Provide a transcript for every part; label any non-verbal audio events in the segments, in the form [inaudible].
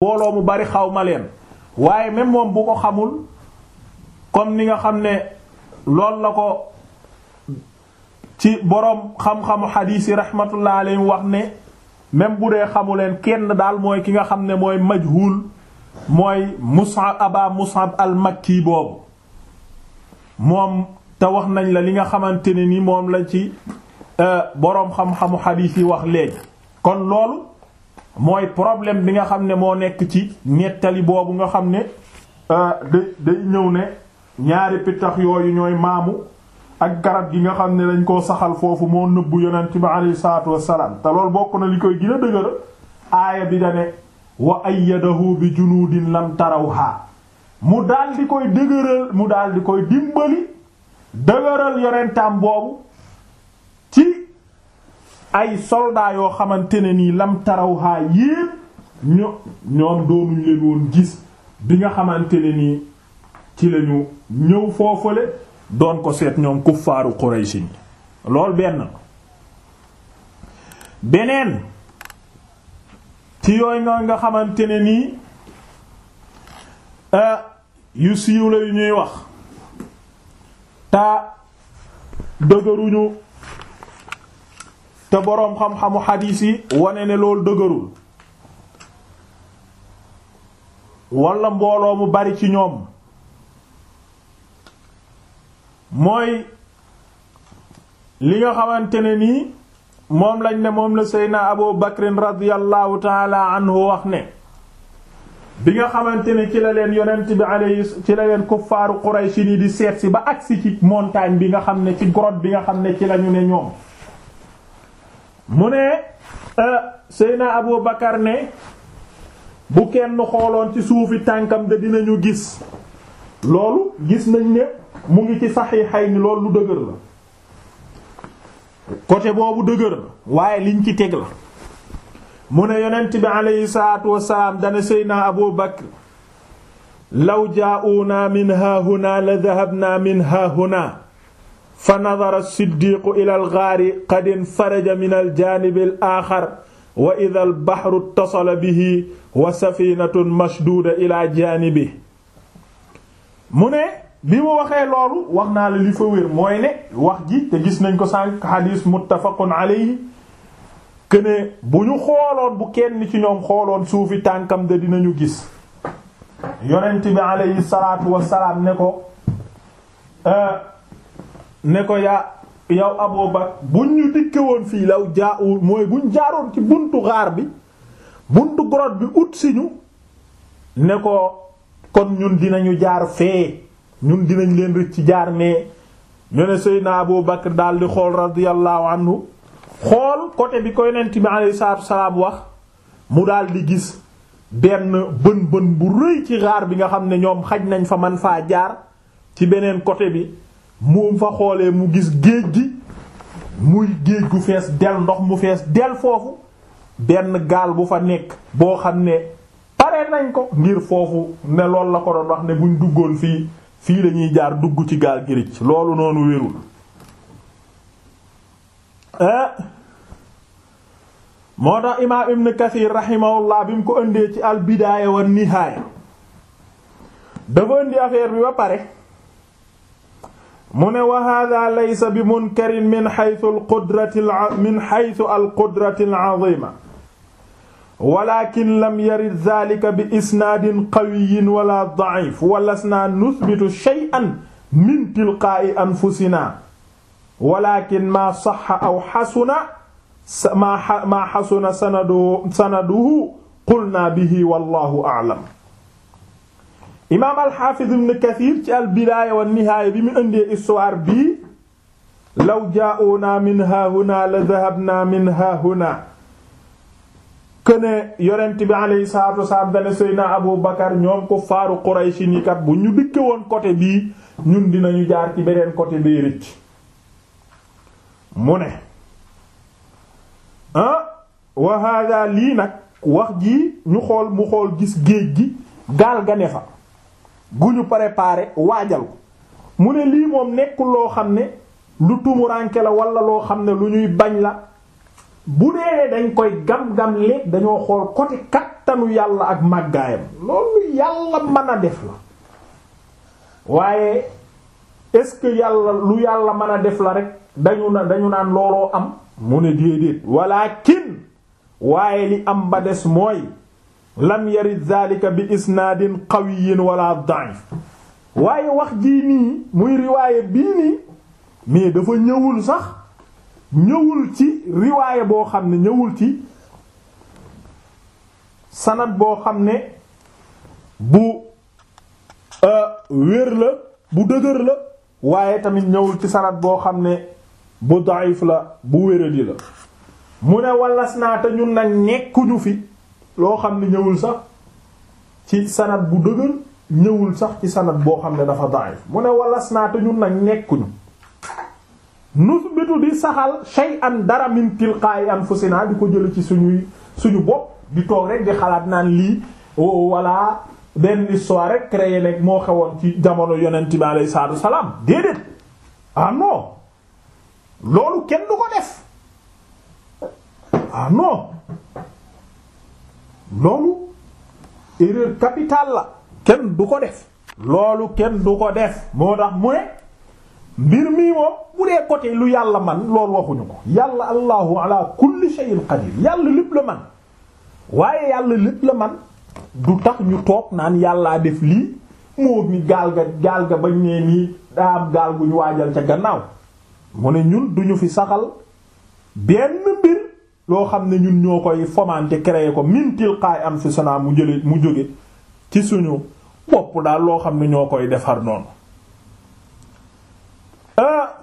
mbooloo mu bari xaw ma leen waaye même moom bu ko xamul comme ni nga xam ne loolu la ko ci boroom xam-xamu xadiis yi rahmatullah alayhi wax ne même bu dee leen kenn daal mooy ki nga xam ne mooy majhul mooy Mus'ab Aba Mus'ab al-Makki boobu moom te wax nañ la li nga xamante ne ni moom la ci euh, boroom xam-xamu xadiis yi wax léegi kon loolu mooy problème bi nga xam ne moo nekk ci nettali boobu nga xam ne euh, day ne ñaari pittax yooyu ñooy maamu ak garab gi nga xam ne dañ koo saxal foofu moo nëbbu yonent bi alayhi salaatu wassalaam te loolu bokk na li koy gën a aaya bi da ne wa ayyadahu bi junuudin lam tarawha mu dal di koy dëgëral mu daal di koy dimbali dëgëral yonentam boobu ci ay soldat yoo xamante ne nii lam tarawhaa yépp ño ñoom doonuñ leen woon gis bi nga xamante ne nii ci lañu ñëw foofale doon ko seet ñoom kuffaaru Quraysh ni lool benn beneen ci yooyu nga xamante ne nii euh, yu siiw la yu ñuy wax ta dëgëruñu te boroom xam-xamu xadiis yi wane ne loolu dëgërul wala mbooloo mu bari ci ñoom mooy li nga xamante ne nii moom lañ ne moom la Seydina Abu Bakrin radiyallahu taala anhu wax ne bi nga xamante ne ci la leen yonent bi alayhi ci la leen kuffaaru Quraysh nii di seet si ba agsi ci montagne bi nga xam ne ci grotte bi nga xam ne ci lañu ne ñoom mu ne euh, Seyna Abu Bakar ne bu kenn xooloon ci suufi tànkam de dinañu gis loolu gis nañ ne mu ngi ci saxiixay ni lool lu dëgër la côté boobu dëgër la waaye liñ ci teg la mu ne yonent bi aleyhi salaatu wasalaam dana Seyna Abu Bakar law jaa'una min haahuna la dahabna min haahuna fa nadara siddiqu ila algaari qad infaraja min aljaanibi al aaxar wa ida albahru tasala bihi wa safinatun mashduuda ila jaanibi mu ne bi mu waxee loolu wax naa la li fa wér mooy ne wax ji te gis nañ ko sànq xadiis muttafaqun alayhi këne bu ñu xooloon bu kenn ci ñoom xooloon suufi tànkam de dinañu gis yonent bi alayhi salaatu wasalaam ne ko euh, ne ko yaa yow Abu Bakr bu ñu dikke woon fii law jaa mooy buñ jaaroon ci buntu xaar bi buntu grotte bi ut si ñu ne ko kon ñun dinañu jaar fee ñun dinañ leen rëcc ci jaar mais ñu ne Seydina Abu Bakr daal di xool radiyallahu anhu xool côté bi ko yonent bi alayhi salaam wax mu daal di gis benn bën bën bu rëy ci xaar bi nga xam ne ñoom xaj nañ fa man faa jaar ci beneen côté bi moom fa xoolee mu gis géej gi muy géej gu fees del ndox mu fees del foofu benn gaal bu fa nekk boo xam ne pare nañ ko ngir foofu ne loolu la ko doon ne buñ duggoon fii fii lañuy jaar dugg ci gaal gi rëcc loolu noonu wérul eh? moo tax imaam ibn kathir rahimahullah bi mu ko indee ci al bidaaya wan nihaaya dafa indi affaire bi ba pare mu ne wa hada laysa bi munkarin min xaytu alqudrati min xaytu alqudrati alazima walakin lam yarid dalika bi isnaadin qawiyin wala daif walasnaa nuthbitu shay'an min tilqaa'i anfusinaa walakin maa saxa aw xasuna maa xasuna sanaduhu qulnaa bihi wallahu a'lam imaam alxaafiz ibn kathir ci albidaaya wa nihaaya bi mu indee histoire bii law jaa'una min haahuna la dahabna min haahuna këne yonent bi alayhi salaatu wasalaam dana seyna abu bakar ñoom ko faaru qurayshi ni bu ñu dikke woon côté bii ñun dinañu jaar ci beneen côté bii rëcc mu ne ah wa lii nag wax ji ñu xool mu xool gis géej gi gaal ga fa gu ñu préparé waajal ko mu ne lii moom nekkul loo xam ne lu tumuranke la wala loo xam ne lu ñuy bañ la bu dee dañ koy gam-gam leeg dañoo xool côté kattanu yàlla ak màggaayam loolu yàlla mën a def la waaye est-ce que yàlla lu yàlla mën a def la rek dañu na dañu naan looloo am mu ne déedéet walakin waaye li am ba des mooy lam yarid zalika bi isnaadin qawiyyin wala da'if waaye wax jii nii muy riwaaye bii nii mais dafa ñëwul sax ñëwul ci riwaaye boo xam ne ñëwul ci sanad boo xam ne bu euh, wér la bu dëgër la waaye tamit ñëwul ci sanad boo xam ne bu da'if la bu wéradi la mu ne walas naa te ñun nag nekkuñu fi loo xam ne ñëwul sax ci sanad bu dëgër ñëwul sax ci sanad boo xam ne dafa da'if mu ne walas naa te ñun nag nekkuñu nusbitu di saxal shay'an dara min tilqa'i anfusina di ko jël ci suñuy suñu bopp di toog rek di xalaat naan lii wala benn histoire rek créé rek moo xewoon ci jamono yonent bi alayhi salaatu salaam déedéet ah loolu kenn du ko def ah loolu erreur capitale la kenn du ko def loolu kenn du ko def moo tax mu ne mbir mii moom bu dee côté lu yàlla man loolu waxuñu ko yàlla allahu ala kulli shay'in qadir yàlla lépp la man waaye yàlla lépp la man du tax ñu toog naan yàlla def lii moo mi gaal ga gaal ga bañ nee nii daa gaal gu ñu waajal ca gannaaw mu ne ñun duñu fi saxal benn mbir loo xam ne ñun ñoo koy fomante créer ko min tilqaay am fi sana mu jële mu jóge ci suñu bopp daal loo xam ne ñoo koy defar noonu ah,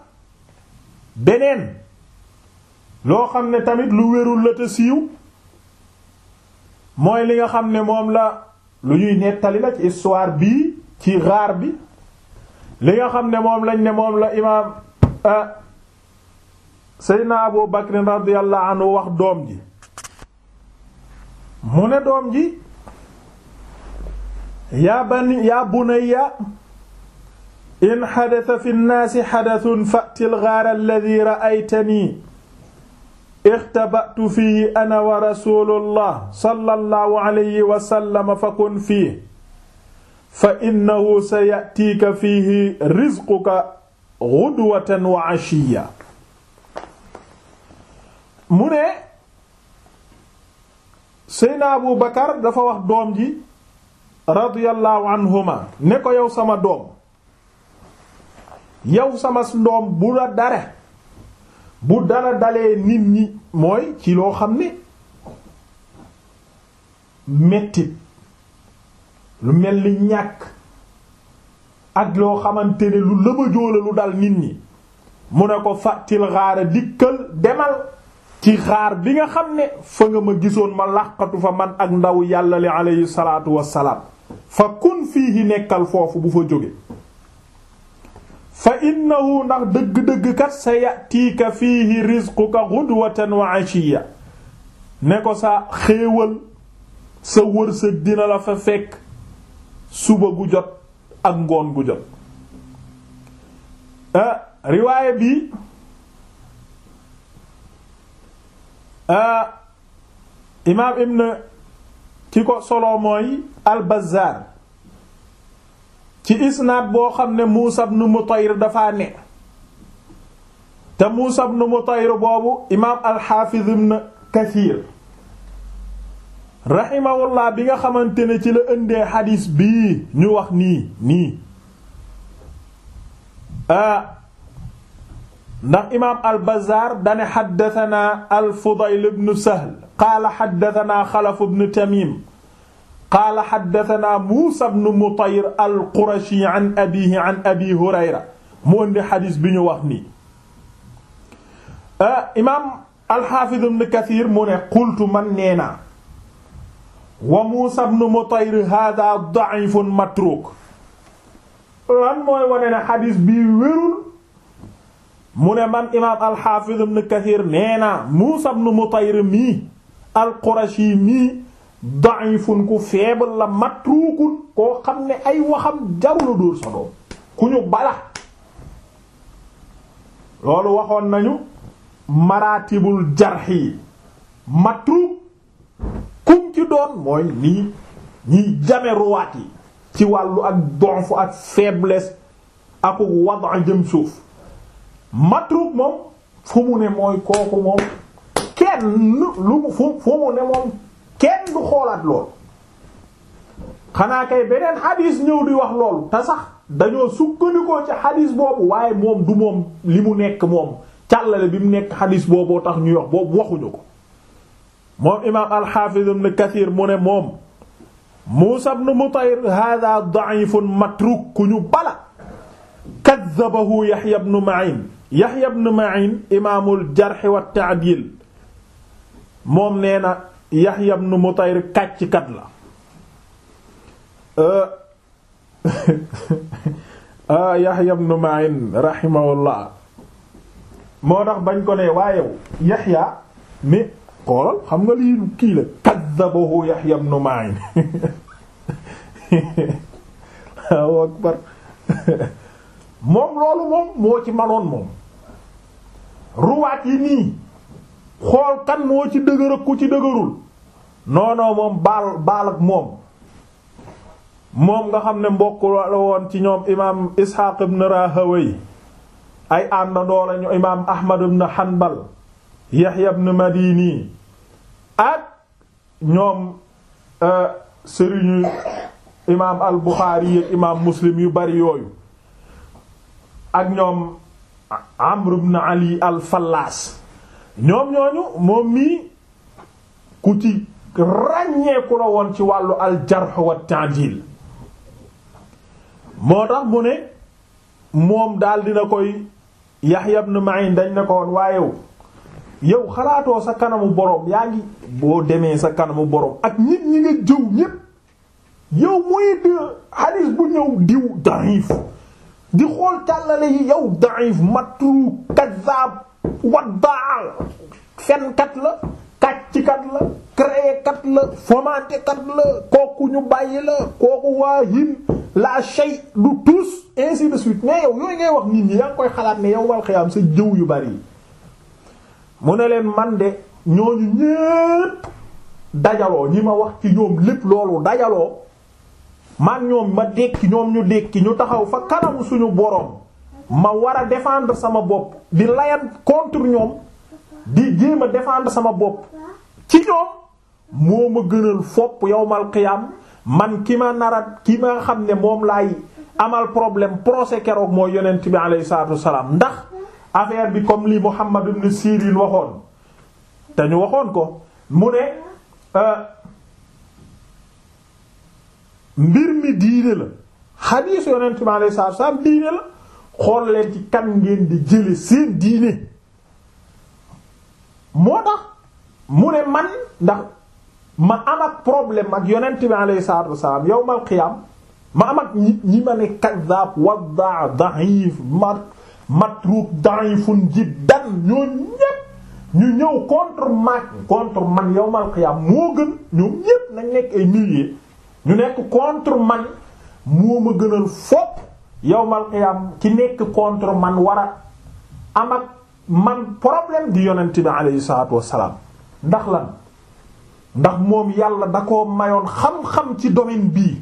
beneen loo xam ne tamit lu wérul la siiw mooy li nga xam ne moom la lu ñuy nettali la ci histoire bii ci raar bi li nga xam ne moom lañ ne moom la imaam ah, seydna abu bakrin radiyallahu anhu wax doom ji mu ne doom ji yaa bani yaa bunayya in xadata fi nnaasi xadasun fatil gaara alladi ra'aytani ixtabatu fihi ana wa rasulullah sallallahu alayhi wa sallam fakun fiihi fa innahu sayatiika fiihi rizquka gudwatan wa ashiya mu ne Seyna Abu Bakar dafa wax doom ji radiyallahu anhuma ne ko yow sama doom yow sama doom bu la dara bu dara dalee nit ñi mooy ci loo xam ne mettit lu mel ni ñàkk ak loo xamante ne lu lëbëjoole lu dal nit ñi mu ne ko fàttil xaara kël demal ci xaar bi nga xam ne fa nga ma gisoon ma làqatu fa man ak ndaw yàlla li alayhi salaatu wassalaam fa kun fiihi nekkal foofu bu fa jóge fa innahu ndax dëgg-dëgg kat sa yatiika fiihi rizquka ghudwatan wa ashiya ne ko sa xéewal sa wërsëg dina la fa fekk suba gu jot ak ngoon gu jot ah, riwaaye bi Ah, imaam ibn ki ko solo mooy al-Bazzaar ci isnaad boo xam ne Muusaa ibn Mutayr dafa ne te Muusaa ibn Mutayr boobu imaam al-Haafiz ibn Kasiir rahimahullah bi nga xamante ne ci la ëndee xadiis bii ñu wax nii nii ah ndax imaam al-Bazzaar dane xaddatanaa al-Fudayl ibn Sahl qaala xaddatanaa Xalaf ibn Tamiim qaala xaddatanaa Muusaa ibn Mutayr al-Qurashi an abiihi an Abii Hurayra mu indi xadiis bi ñu wax nii ah, imaam al-Xaafiz ibn Kasiir mu ne qultu man nee naa wa Muusaa ibn Mutayr haadaa da'ifun matruuk lan mooy wane ne xadiis bii wérul mu ne man imaam alxaafiz ibn kathir nee naa muusa ibn mutayr mii alqurashi mii da'ifun ku feebal la matruukun koo xam ne ay waxam jarula dóor sa doom ku ñu bala loolu waxoon nañu maratibul jarxi yi matruuk ci doon mooy lii ñiy jame ruwaat yi ci wàllu ak donf ak faiblesse aku wada jëm suuf matruk moom fu mu ne mooy kooku moom kenn lu fu mu ne moom kenn du xoolaat lool xanaa kay beneen xadiis ñëw di wax loolu te sax dañoo sukkandikoo ci xadiis boobu waaye moom du moom li mu nekk moom càllale bi mu nekk xadiis booboo tax ñuy wax boobu waxuñu ko moom imaam alxaafiz ibn kathir mu ne moom muusa ibn mutayr hada da'ifun matruk ku ñu bala kaddabahu yaxya ibn ma'in Yahya ibn Ma'in imaamul jarx wa ta'dil moom nee na Yahya ibn Mutayr kàcckat la ah [laughs] Yahya ibn Ma'in rahimahullah moo tax bañ ko ne waaye Yahya mi xoolal xam nga lii kii la kaddabahu Yahya ibn Ma'in [laughs] Allahu akbar [laughs] moom loolu moom moo ci manoon moom ruwaat yi nii xool kan moo ci dëgër ku ci dëgërul non moom baal baal ak moom moom nga xam ne mbokk la woon ci ñoom imaam Ishaq ibn Rahawayh ay àndandoo lañu imaam Ahmad ibn Hanbal Yahya ibn Madini ak ñoom euh, sëriñu imaam al Bukhari ak imaam Muslim yu bari yooyu. ak ñoom Amr ibn Ali al-Fallaas ñoom ñooñu moom mii ku ci ràññeeku la woon ci wàllu al-jarh wa ta'dil moo tax mu ne moom daal dina koy Yahya ibn Ma'in dañ ne ko woon waaye yow xalaatoo sa kanamu boroom yaa ngi boo demee sa kanamu boroom ak nit ñi nga jëw ñépp yow muy de hadith bu ñëw diw da'if di xool càllale yi yow daif mattu kazab waddaal fenkat la kàccikat la créekat la fomantekat la kooku ñu bàyyi la kooku waahin la shay du tous ainsi de suite mais yow yooyu ngay wax nit ñi yaa ngi koy xalaat ne yow wal xiyaam sa jëw yu bari yi mu ne leen man de ñooñu ñépp dajaloo ñi ma wax ci ñoom lépp loolu dajaloo man ñoom ma dékki ñoom ñu dékki ñu taxaw fa kanamu suñu boroom ma war a défendre sama bopp di layan contre ñoom di jéem a défendre sama bopp ci ñoom moo ma gënal fopp yowmal qiyaam man ki ma narat ki ma xam ne moom lay amal problème procès keroog mooy yonent bi alayhi salaatu salaam ndax affaire bi comme li Muhammad ibn Sirin waxoon te ñu waxoon ko mu ne. Euh, mbir mi diine la xadiis yonent bi alayhi salaatu salaam diine la xool leen ci kan ngeen di jële seen diine moo tax mu ne man ndax ma am ak problème ak yonent bi alayhi salaatu wasalaam yawmal qiyaam ma am ak ñi ñi ma ne kaddaab waddaa da'if mat matruk da'ifun jiddan ñoo ñépp ñu ñëw contre man contre man yawmal qiyaam moo gën ñoom ñépp nañ nekk ay milliers ñu nekk contre man moo ma gënal fopp yow qiyaam ci nekk contre man wara a am ak man problème di yonent bi alayhi salaatu wassalaam ndax lan ndax moom yàlla da koo mayoon xam-xam ci domin bii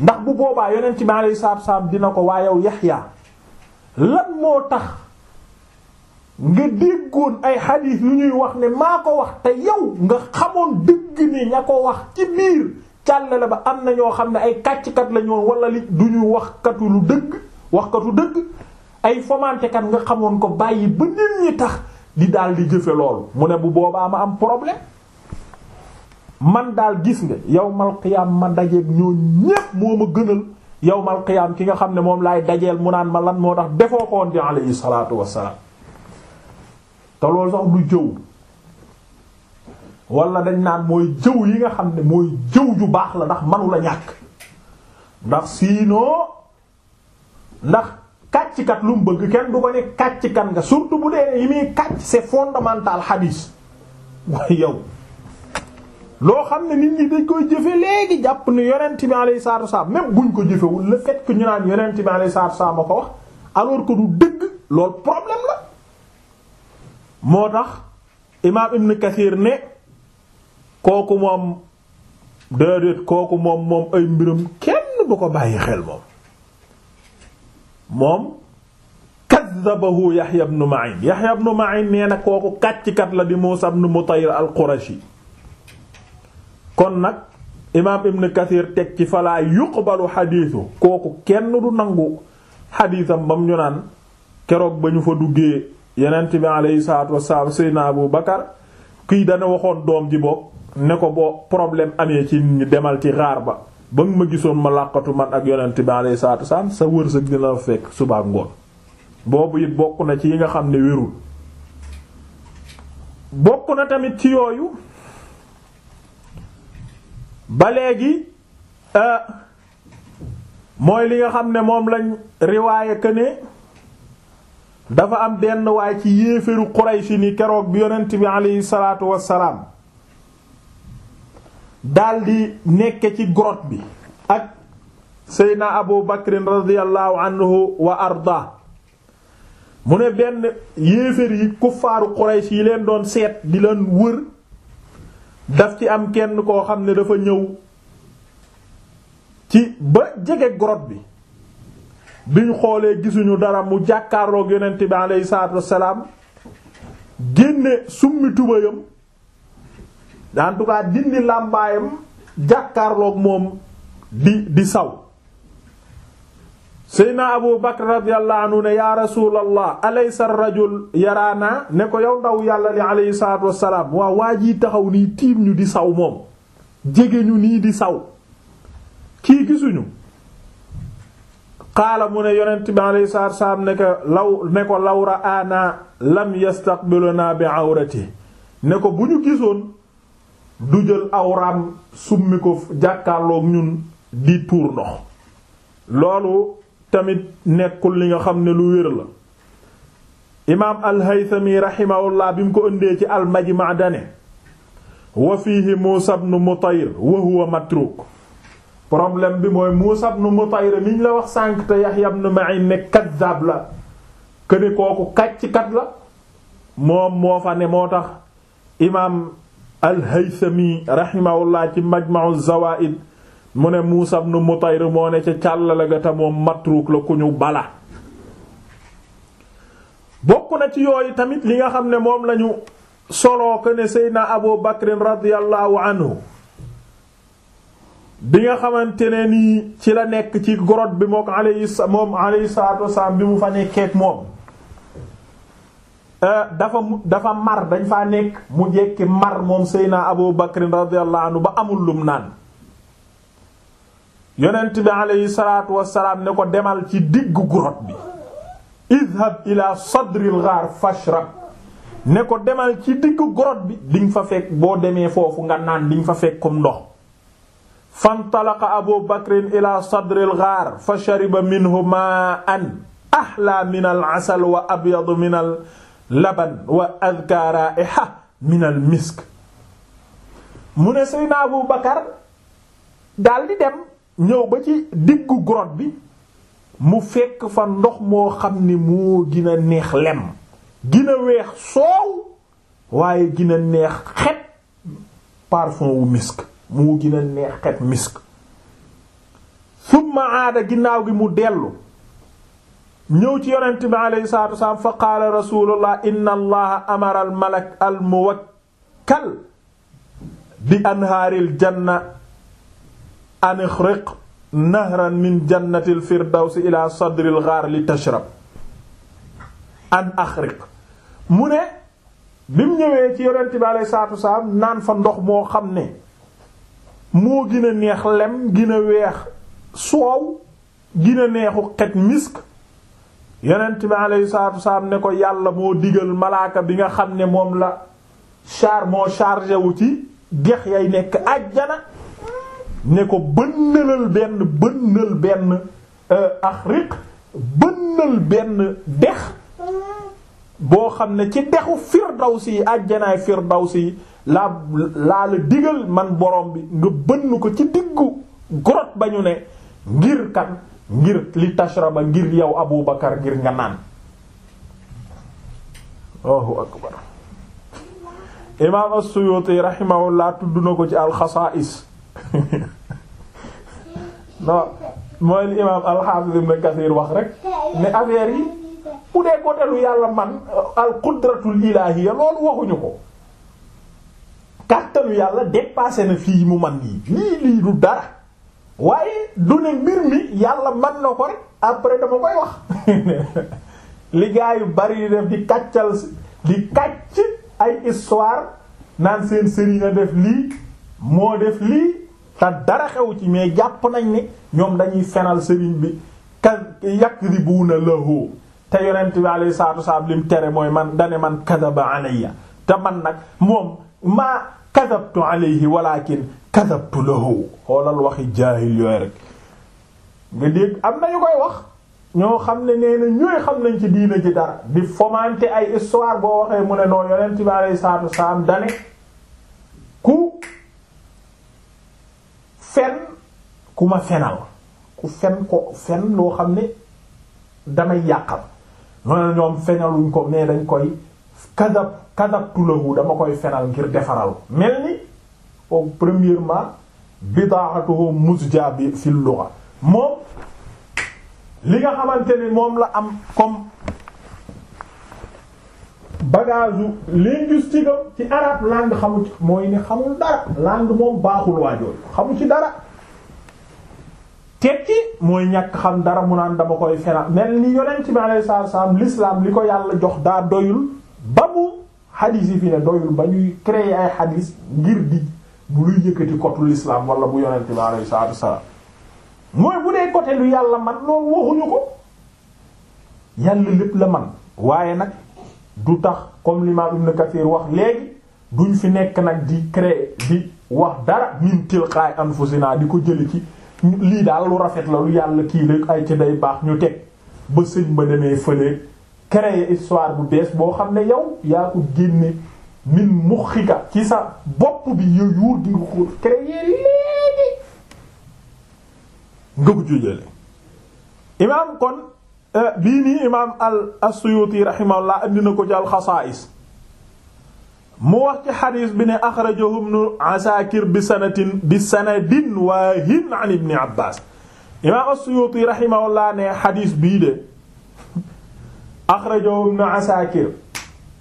ndax bu boobaa yonent bi alayhi salaatu wassalaam dina ko waa yow Yaxya lan moo tax nga déggoon ay xadiis yu ñuy wax ne maa ko wax te yow nga xamoon dëgg ni ña ko wax ci biir càllale ba am na ñoo xam ne ay kàccikat la walla wala li du ñu wax katu lu dëgg wax dëgg ay fomantekat nga xamoon ko bàyyi ba nit ñi tax di daal di jëfe loolu mu ne bu boobaa ma am problème man daal gis nga yawmal qiyaam ma dajeeg ñoo ñépp moo ma gënal yawmal qiyaam ki nga xam ne moom laay dajeel mu naan ma lan moo tax defoo ko woon di alayhi salaatu wassalaam te loolu sax du jëw wala dañ naan mooy jëw yi nga xam ne mooy jëw ju baax la ndax manu la ñàkk ndax sinon ndax kàcckat lu mu bëgg kenn du ko ne kàcckat nga surtout bu dee yi muy kàcc c'est fondamental hadis waaye yow loo xam ne nit ñi dañ koy jëfe léegi jàpp ne yonent bi alayhi salaatu wasallam même buñ ko jëfewul le fait ñu naan yonent bi alayhi salaatu wasallam ma ko wax alors que du dëgg loolu problème la moo tax imaam Ibn Kathir ne kooku moom déedéet kooku moom moom ay mbiram kenn bu ko bàyyi xel moom moom kaddabahu Yahya ibn Ma'in Yahya ibn Ma'in nee na kooku kàcckat la di Muusa nu Mutayr al-Qurashi kon nag imaam Ibn Kathir teg ci falaa yuqbalu xadiisu kooku kenn du nangu xadiisam bam ñu naan keroog ba ñu fa duggee yenent bi aleyhi salaatu wasalaam Seydina Abu Bakar kii dana waxoon doom ji bopp ne ko boo problème amee ci nit demal ci raar ba ba nga ma gisoon ma làqatu man ak yonent bi alayhi salaatu salaam sa wërsëg dina la fekk suba ak ngoon boobu it bokk na ci yi nga xam ne wérul bokk na tamit ci yooyu ba léegi euh, mooy li nga xam ne moom lañ riwaaye que dafa am benn waay ci yéeféru Quraysh ni keroog bi yonent bi alayhi salaatu wassalaam daldi nekk ci grotte bi ak Seydina Abu Bakrin radiyallahu anhu wa arda mu ne benn yéeféer yi kuffaaru Quraysh yi leen doon seet di leen wër daf ci am kenn koo xam ne dafa ñëw ci ba jege grotte bi biñ xoolee gisuñu dara mu jàkkaarloo yonent bi aleyhi salaatu salaam génne summi tubayam en tout cas dindi làmbaayam jàkkaarloog moom di di saw seydna abu bakr radiyallahu ne yaa rasulallah alaysa rajul yaraana ne ko yow ndaw yàlla li alayhi salaatu wassalaam waa waa jii taxaw nii tiim ñu di saw moom jege ñu nii di saw kii gisuñu xaala mu ne yonent bi alayhi salaatu wassalaam ne ko law ne ko law ra'aana bi awrati ne ko bu ñu gisoon du jël awraam summi ko jàkkaarloog ñun di tuur ndox loolu tamit nekkul li nga xam ne lu wér la imaam al-Haythami rahimahullah bi mu ko ëndee ci al-Majma' dane wa fiihi Muusaa ibn Mutayr wa huwa matruk bi mooy Muusaa ibn Mutayr niñ la wax sànq te Yahya ibn Ma'in ne kaddaab la këne kooku kàcc kat la moom moo fa ne moo tax imaam al-Haythami rahimahullah ci Majma'u Zawaa'id mu ne Muusaa ibn Mutayr moo ne ca càllale ga te moom matruuk la ku ñu bala bokk na ci yooyu tamit li nga xam ne moom lañu solo ko ne Seydina Abu Bakr radiyallahu anhu bi nga xamante ne nii ci la nekk ci grotte bi mook moom bi mu fa nekkeek moom Euh, dafa dafa mar dañ faa nekk mu jekki mar moom Seydina Abu Bakr radiyallahu ba amul lum naan yonent bi aleyhi salaatu wassalaam ne ko demal ci diggu grotte bi idhab ne ko demal ci diggu grotte bi diñ fa fekk boo demee foofu nga naan diñ fa fekk comme ndox fantalaqa abu bakrin ila sadril ghaar fa shariba minhu ma'an ahla min al asal wa abyad min al laban wa adka raiha min misk mu ne Seydina Abu Bakar dal di dem ñëw ba ci diggu grotte bi mu fekk fa ndox moo xam ni moo gina neex lem gën weex soow waaye gën neex xet parfum wu misk moo gën neex xet misk summa aada ginnaaw gi mu dellu ñëw ci yonent bi alayhi salaatu wa salaam fa qaala rasulullah inna allaha amara al malak bi anhaaril janna an ixriq nahran min jannatil firdawsi ila sadril ghaar li tashrab an axriq mu ne bi ñëwee ci yonent bi alayhi salaatu salaam naan fa ndox moo xam ne moo gën a neex lem gën weex soow gën neexu xet misk yonent bi alayhi salaatu wasalaam ne ko yàlla moo digal malaaka bi nga xam ne moom la char moo chargé wu ci dex yay nekk àjjana ne ko bënnalal benn bënnal benn euh, axriq bënnal benn dex boo xam ne ci dexu firdawsi yi àjjanaay firdawsi yi laa laa la digal man borom bi nga bënn ko ci diggu grotte ba ñu ne ngir kan ngir li tashraba ngir yow Abu Bakar ngir nga naan Allahu akbar imaam as-Suyuti ko ci al-Xasaa'is [laughs] non Kasiir wax rek ne affaire yi bu dee côtélu yàlla man al-qudratul ilaahiyya loolu waxuñu ko kàttanu yàlla dépassé na fii mu man yi lii lii du dara waaye du ne mbir mi yàlla mën na ko rek après dama koy wax [laughs] li yu bari di def di kàccal di kàcc ay histoire naan seen sëriñ a def lii moo def lii te dara xew ci mais jàpp nañ ne ñoom dañuy fenal sëriñ bi ka yakribuuna lahu te yonent bi alayhi salaatu wasallam lim tere mooy man dane man kadaba alayya te man nag moom maa yi walaa walakin kadabtu lahu xoolal waxi jaahil yooyu rek nga dégg am na ñu koy wax ñoo xam ne nee ñooy xam nañ ci diina ji dara di fomante ay histoire boo waxee mu ne noo yonent bi alayhi salaatu wasalaam dane ku fen ku ma fenal ku fen ko fen loo xam ne damay yàqal noonu ñoom fenaluñ ko mais dañ koy kadab kadabtu lahu dama koy fenal ngir defaral mel ni premièrement bidaatuhu musja bi fi lugha moom li nga xamante ni moom la am comme bagage linguistique am ci arabe langue xamu ci mooy ne xamul dara langue moom baaxul waajooyu xamu ci dara tekki mooy ñàkk xam dara mu naan dama koy fena mel ni yonent bi alayhi salaatu salaam li ko yàlla jox daa doyul ba mu xadiis fi ne doyul ba ñuy créer ay xadiis ngir di bu luy yëkkati kotu l'islam wala bu yonente bi alayhi salaatu wasalaam mooy bu dee côté lu yàlla man loolu waxuñu ko yàlla lépp la man waaye nag du tax comme l'imam Ibn Kathir wax léegi duñ fi nekk nag di créer di wax dara min tilqaay anfusina di ko jëli ci lii daal lu rafet la lu yàlla kii rek ay ci day baax ñu teg ba sëñ ba demee fële créer histoire bu bees boo xam ne yow yaa ko génne min muxika ci sa bopp bi yow yuur di nga ko créer léegi imaam kon eh, bii nii imaam al-Suyuti rahimahullah indi na ko ci al-Xasaa'is mu wax ci xadiis bi ne axrajahu ibnu Asaakir bi sanatin bi sanadin an ibni Abbaas imaam as-Suyuti rahimahullah ne xadiis bii de axrajahu ibnu Asaakir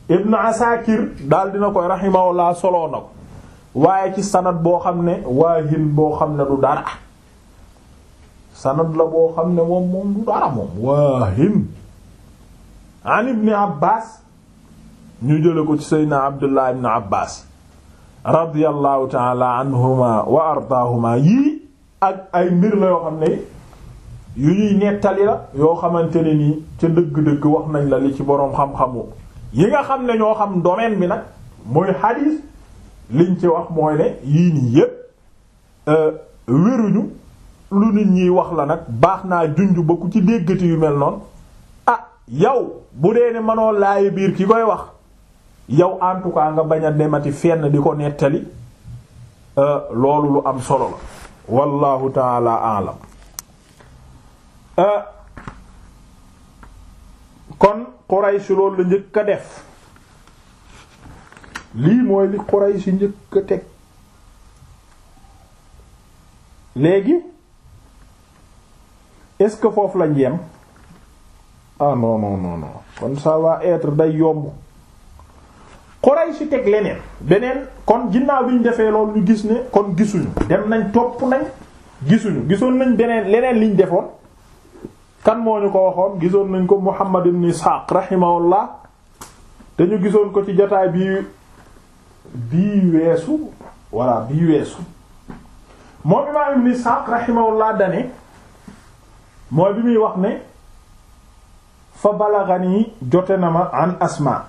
ibn asakir daal dina koy rahimahullah soloo na ko waaye ci sanad boo xam ne waahin boo xam ne du dara sanad la boo xam ne moom moom du dara moom waahin an ibn abbas ñu jële ko ci seydna abdullah ibn abbas radiyallahu taala anhuma wa ardaahuma yii ak ay mbir la yoo xam ne yu ñuy nettali la yoo xamante ne nii ca dëgg-dëgg wax nañ la li ci boroom xam-xamu yi nga xam ne ñoo xam domaine bi nag mooy xadiis liñ ci wax mooy ne yii nii yépp euh, wéruñu lu nit ñiy wax la nag baax naa junj ba ku ci déggati yu mel noon a ah, yow bu dee ne mënoo laaye biir ki koy wax yow en nga bañ a demati fenn di ko nettali euh, loolu lu am solo la wallahu taala alam euh, kon Quraysh loolu la njëkk a def lii mooy li si njëkk a teg léegi est-ce que foofu lañ yem ah non non non non kon ça va day yomb Quraysh teg leneen beneen kon ginnaaw bi ñu defee loolu ñu gis ne kon gisuñu dem nañ topp nañ gisuñu gisoon nañ beneen leneen liñ defoon. kan moo ñu ko waxoon gisoon nañ ko Muhammad ibn Ishaq rahimahullah te ñu gisoon ko ci jataay bii bii weesu voilà bii weesu moom imaam ibn Ishaq rahimahullah dane mooy bi muy wax ne fa balaghani jote na ma an Asma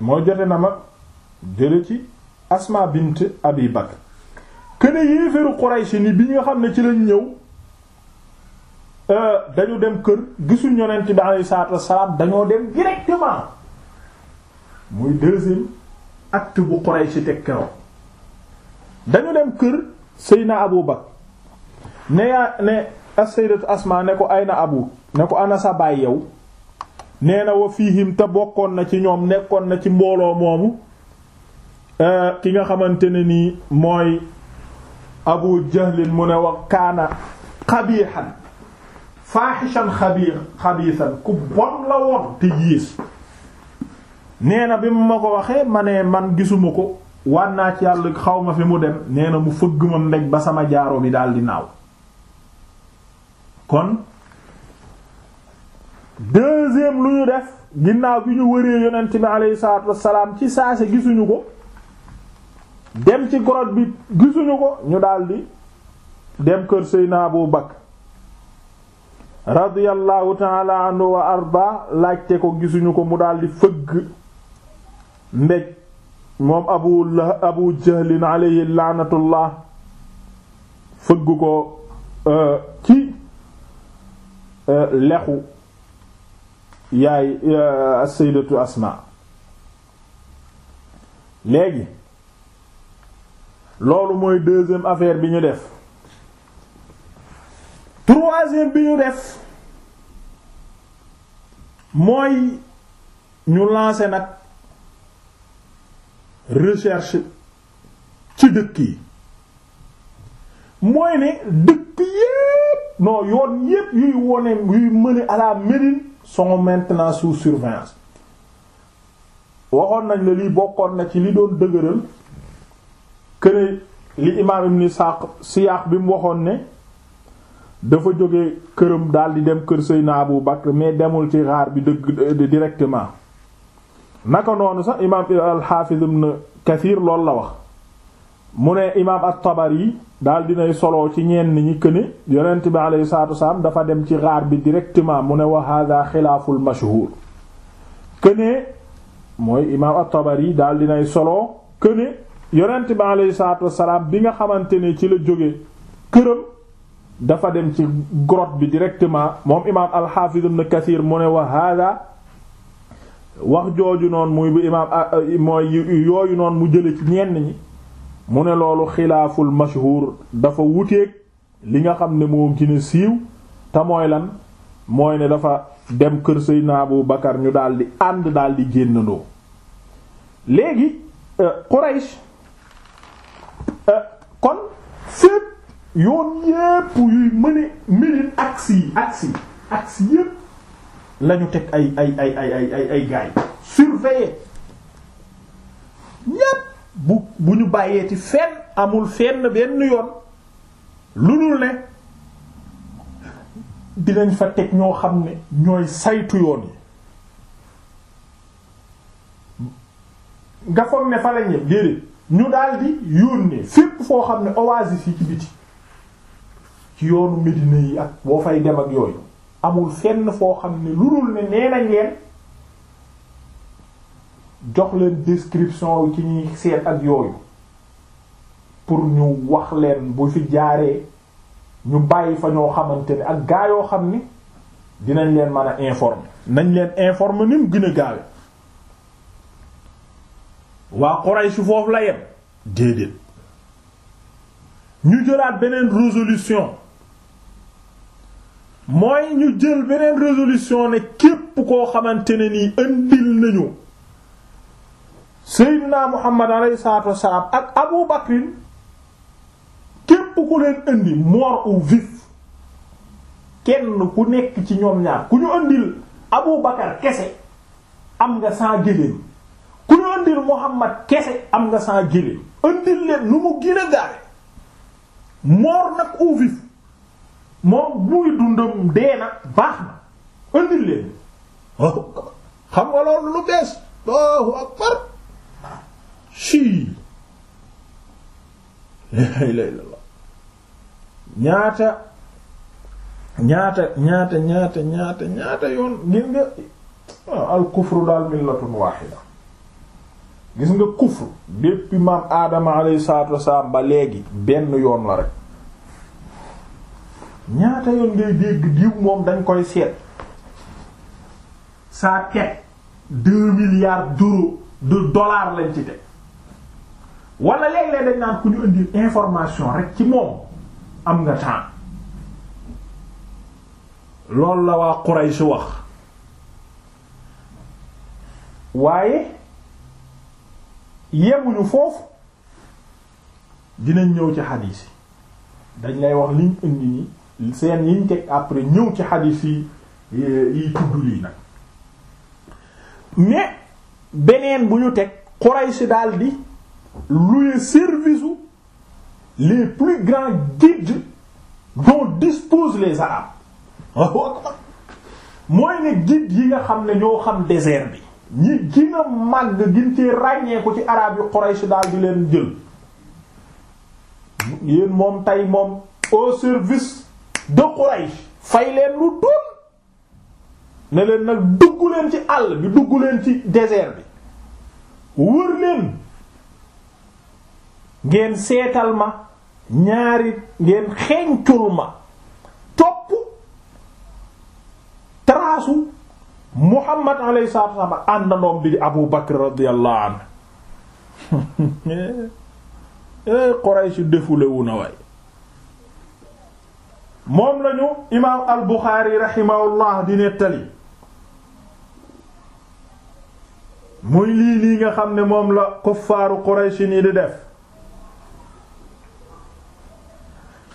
mooy jote na ma jële ci Asma bint Abi Bakr kene yéeféru Quraysh ni bi ñu nga xam ne ci lañ ñëw dañu dem kër gisuñ yonent bi alayhi saato saat dañoo dem directement muy deuxième acte bu Quraysh teg keroog dañu dem kër sëy na Abu ba ne yaa ne as-sayyidatu Asma ne ko ayna abu ne ko ana sa baay yow nee na wa fiihim te bokkoon na ci ñoom nekkoon na ci mbooloo moomu ki nga xamante ne nii mooy Abu Jahlin mu ne wa kaana qabiihan faaxishan xabiir xabiisan ku bon la woon te yiis nee na bi mu ma ko waxee ma ne man gisuma ko wan naa ci yàlla xaw ma fi mu dem nee na mu fëgg ma ndeg ba sama jaaro bi daal naaw kon deuxième lu ñu def ginnaaw bi ñu wëree yonent bi aleyhi salaatu wassalaam ci saase gisuñu ko dem ci grotte bi gisuñu ko ñu daldi dem kër naa Abu Bakr radiyallahu taala anhu wa laajte ko gisuñu ko mu daldi fëgg mbéj moom abu abu jahlin alayhi laanatullah fëgg ko euh, ci euh, lexu yaay euh, sayyidatu asma léegi loolu mooy deuxième affaire bi ñu def troisième bi ñu def mooy ñu lancer nag recherche ci dëkk yi mooy ne dëkk yépp non yoon yépp yuy wone yuy mener à Médine sont maintenant sous surveillance waxoon nañ la lii bokkoon na ci li doon dëgëral que li imaam Ibn Saq siyaaq bi mu waxoon ne dafa jóge këram di dem kër Seydina Abu Bakr mais demul ci xaar bi dëgg euh, directement naka noonu sax imaam al-Hafiz ibn Kathir loolu la wax mu ne imaam at-Tabari daal dinay soloo ci ñenn ñi këne yonent bi alayhi salaatu wasalaam dafa dem ci xaar bi directement mu ne wa hada xilaaful mashhur këne mooy imaam daal dinay soloo këne yonent bi alayhi salaatu bi nga xamante ne ci la jóge këram dafa dem ci grotte bi directement moom imaam al-Hafiz ibn Kathir mu ne wa hada wax jooju noonu muy bu imaam ah, ah, mooy yooyu noonu mu jële ci ñenn ñi mu ne loolu xilaaful mashhur dafa wuteeg li nga xam ne moo gën siiw te lan mooy ne dafa dem kër Seydina Abu Bakar ñu daal di ànd daal di génnandoo léegi euh, Quraysh euh, kon fépp yoon yépp yuy mëne Médine axe yi axe yi axe yépp lañu teg ay ay ay ay ay ay yépp bu bu ñu bàyyeeti fenn amul fenn benn yoon lu dul ne dinañ fa teg ñoo xam ne ñooy saytu yoon yi nga foog ne fa lañ déedéet ñu daldi yónnee fépp foo xam ne oasis yi ci biti ci yoonu Medina yi ak boo fay dem ak yooyu amul fenn foo xam ne lu dul ne nee nañ leen jox leen description yi ci ñuy seet ak yooyu pour ñu wax leen bu fi jaaree ñu bàyyi fa ñoo xamante ne ak gaa yoo xam ni dinañ leen mën a informer nañ leen informer ni mu gën a gaawe waa Quraysh foofu la yem déedéet ñu jëlaat beneen résolution mooy ñu jël beneen résolution ne képp koo xamante ne nii indil nañu Seydina Muhammad alayhi salaatu wassalaam ak Abu Bakrin képp ku leen indi mort ou vif kenn ku nekk ci ñoom ñaar ku ñu indil Abu Bakar kese am nga saa géléem ku ñu indil Muhammad kese am nga saa géléem indil leen nu mu gën a gaare nag ou vif moom muy dundam dee na baax na andil leen xam nga loolu lu bees Allahu akbar si la ilaha illallah ñaata ñaata ñaata ñaata ñaata ñaata yoon gis nga al kufru daal millatun wahida gis nga kufru depuis maam aadama alayhi salatu wassalam ba léegi benn yoon la rek ñaata yoon ngay dégg diw moom dañ koy seet sa ket deux milliards d'euros de dollars lañ ci teg wala léeg-léeg dañ naan ku ñu indi information rekk ci moom am nga temps loolu la waa Quraysh wax waaye yemuñu foofu dinañ ñëw ci xadiis dañ lay wax liñ indi nii seen yiñ teg après ñëw ci xadiis yi yi tudd lii nag mais beneen bu ñu teg Quraysh daal di luye service u les plus grands guides dont disposent les arabes mooy ne guide yi nga xam ne ñoo xam désert bi ñi gën màgg gin ci ràññee ko ci arab yu Quraysh daal di leen jël yéen moom tey moom au service de Quraysh fay leen lu doon ne nag dugg leen ci àll bi dugg leen ci désert bi wër leen ngeen seetal ma ñaari ngeen xeeñtul ma topp traasu Muhammad alayhi salaatu salaam àndandoom bi di Abu Bakr an anhu [laughs] eh, Quraysh defulewu na waay moom lañu imaam al Buxaari rahimahullah di nettali muy lii lii nga xam ne moom la kuffaaru Qurayshi nii di def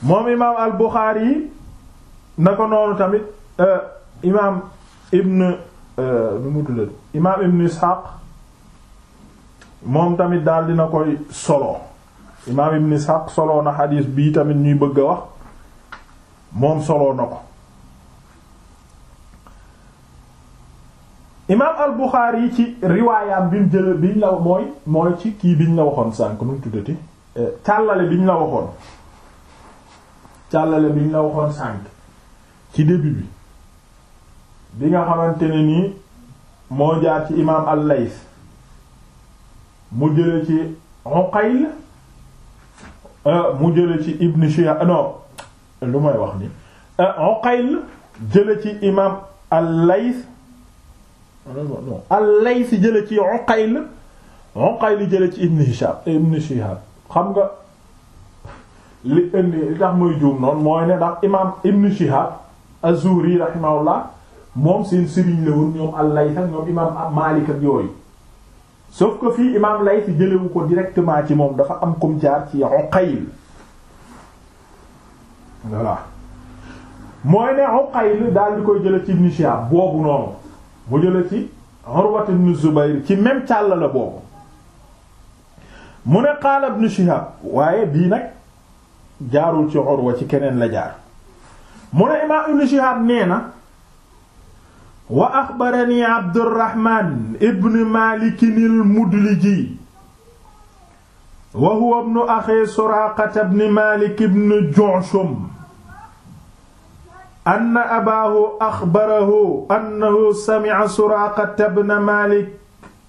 moom imaam al Buxaari na ko noonu tamit euh, imaam ibn lu euh, mu moom tamit daal dina koy solo imaam ibn Isxaaq solo na xadiis bii tamit ñuy bëgg a wax moom soloo na ko imaam al Buxaari yi ci riwaayam bi jël biñ la mooy mooy ci kii biñ la waxoon sànk nu mu tuddati eh, càllale biñ la waxoon càllale biñ la waxoon sànk ci début bi bi nga xamante ne nii moo jaar ci imaam al-Layth mu jële ci eh, mu jële ci Ibn Shihab non lu may wax ni euh, Uqayl jële ci imaam al-Layth al ci jële ci Uqayl Uqayl jële ci Ibn Hisham Ibn Shihab xam nga li indi li tax muy juum noonu mooy ne ndax imaam Ibn Shihab az-Zuhri moom seen sëriñ la woon ñoom al ak ñoom imaam Maalik ak yooyu sauf que fii imaam Layth jëlewu ko directement ci moom dafa am comme jaar ci Uqayl voilà mooy ne Uqayl daal di koy jële ci Ibn Shihab boobu noonu mu jële ci Urwa ibn Zubayr ci même càll la boobu mu ne qaala Ibn Shihab waaye bii nag jaarul ci Urwa ci keneen la jaar mu ne imaam Ibn Shihab nee na wa axbarani Abdurrahman ibn Malikin al-Mudliji wa huwa ibnu axi suraaqata ibn maalik ibn ju'shum anna abaahu axbarahu annahu sami'a suraaqata ibn maalik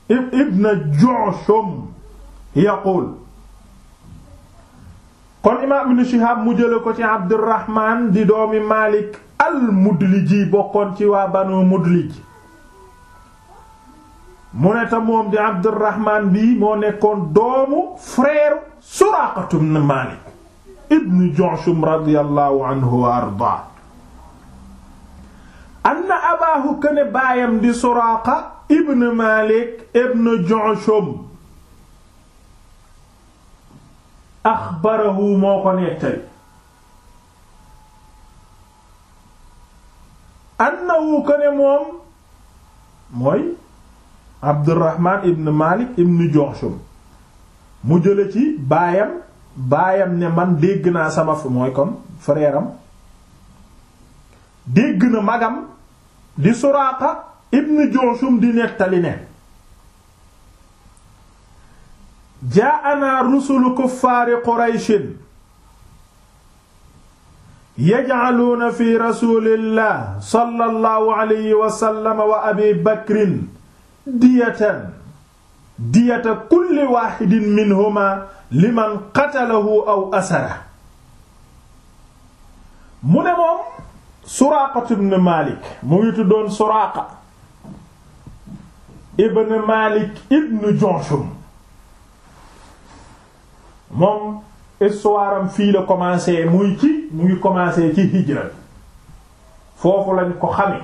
ibn ju'shum yaquul kon imaam ibn Shihaab mu jële ko ci Abdurrahmaan di doomi Maalik al-Mudliji bokkoon ci waa Banu Mudlij mu ne ta moom di Abdurrahman bii moo nekkoon doomu frère Suraqatu ibn Malik ibn Ju'shum radiyallahu anhu wa ardaa anna abaahu kana baayam di Suraaqa ibn Malik ibn Ju'shum axbarahu moo ko nettali annahu kana moom mooy Abdurrahman ibn Malik ibn Juhshum mu jële ci baayam baayam ne man dégg naa sama fi mooy kon frère am dégg na magam di Suraaqa ibn Juhshum di nettali ne jaa'anaa rusulu kuffaari Qurayshin yaj'aluuna fi rasuulillah sallallahu Abi Bakrin diyatan diyata kulli waaxidin minhuma liman qatalahu aw asara mu ne moom suraaqatu ibn malik mu ngi tuddoon suraaqa ibn malik ibn jonshum moom histoire fii la commencé muy ci mu ngi commencé ci hijra foofu lañ ko xame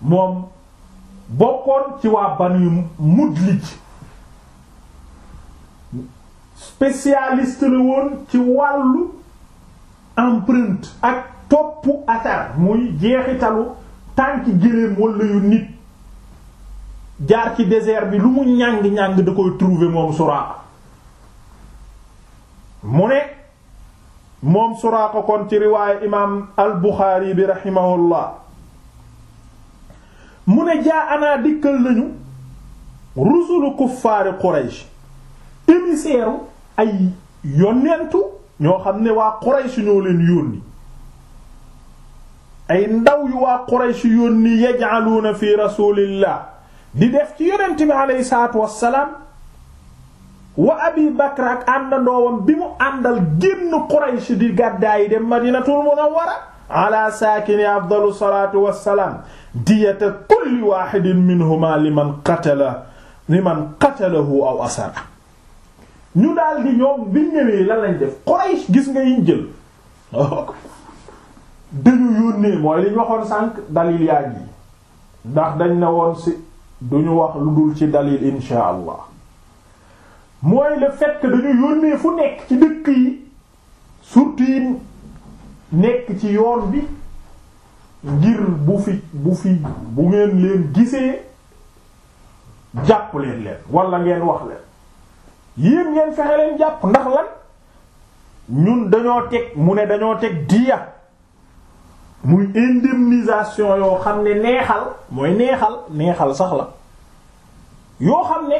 moom bokkoon ci waa Banu Mudlij spécialiste la woon ci wàllu empreinte ak topp atar muy jeexitalu tànk géléem wala yu nit jaar ci désert bi lu mu ñàng-ñàng da koy trouver moom Suraaqa mu ne moom Suraaqa kon ci riwaayu imaam al Buxaari bi rahimahullah mu ne jaa anaa dikkal nañu rusulu kuffaari Quraysh émissaire ay yonentu ñoo xam ne waa Quraysh ñoo leen yónni ay ndaw yu waa Quraysh yónni yaj'aluuna fi rasulillah di def ci yonent bi aleyhi salaatu wassalaam wa abi bakr ak àndandoowam bi mu àndal génn Quraysh di gàddaay dem madinatul munawwara ala saakini afdalu salaatu wassalaam diyata kulli waaxidin minhuma liman qatala liman qatalahu aw asara ñu daal ñoom bi ñëwee lan lañ def Quraysh gis nga yiñ jël dañu yónnee mooy liñ waxoon sànq dalil yaag yi ndax dañ na woon si duñu wax lu dul ci dalil insha allah mooy le fait dañu yónnee fu nekk ci dëkk yi surtout nekk ci yoon bi ngir bu fi bu fi bu ngeen leen gisee jàpp leen leen wala ngeen wax leen yéen ngeen fexe leen jàpp ndax lan ñun dañoo teg mu ne dañoo teg diya muy indemnisation yoo xam ne neexal mooy neexal neexal sax la yoo xam ne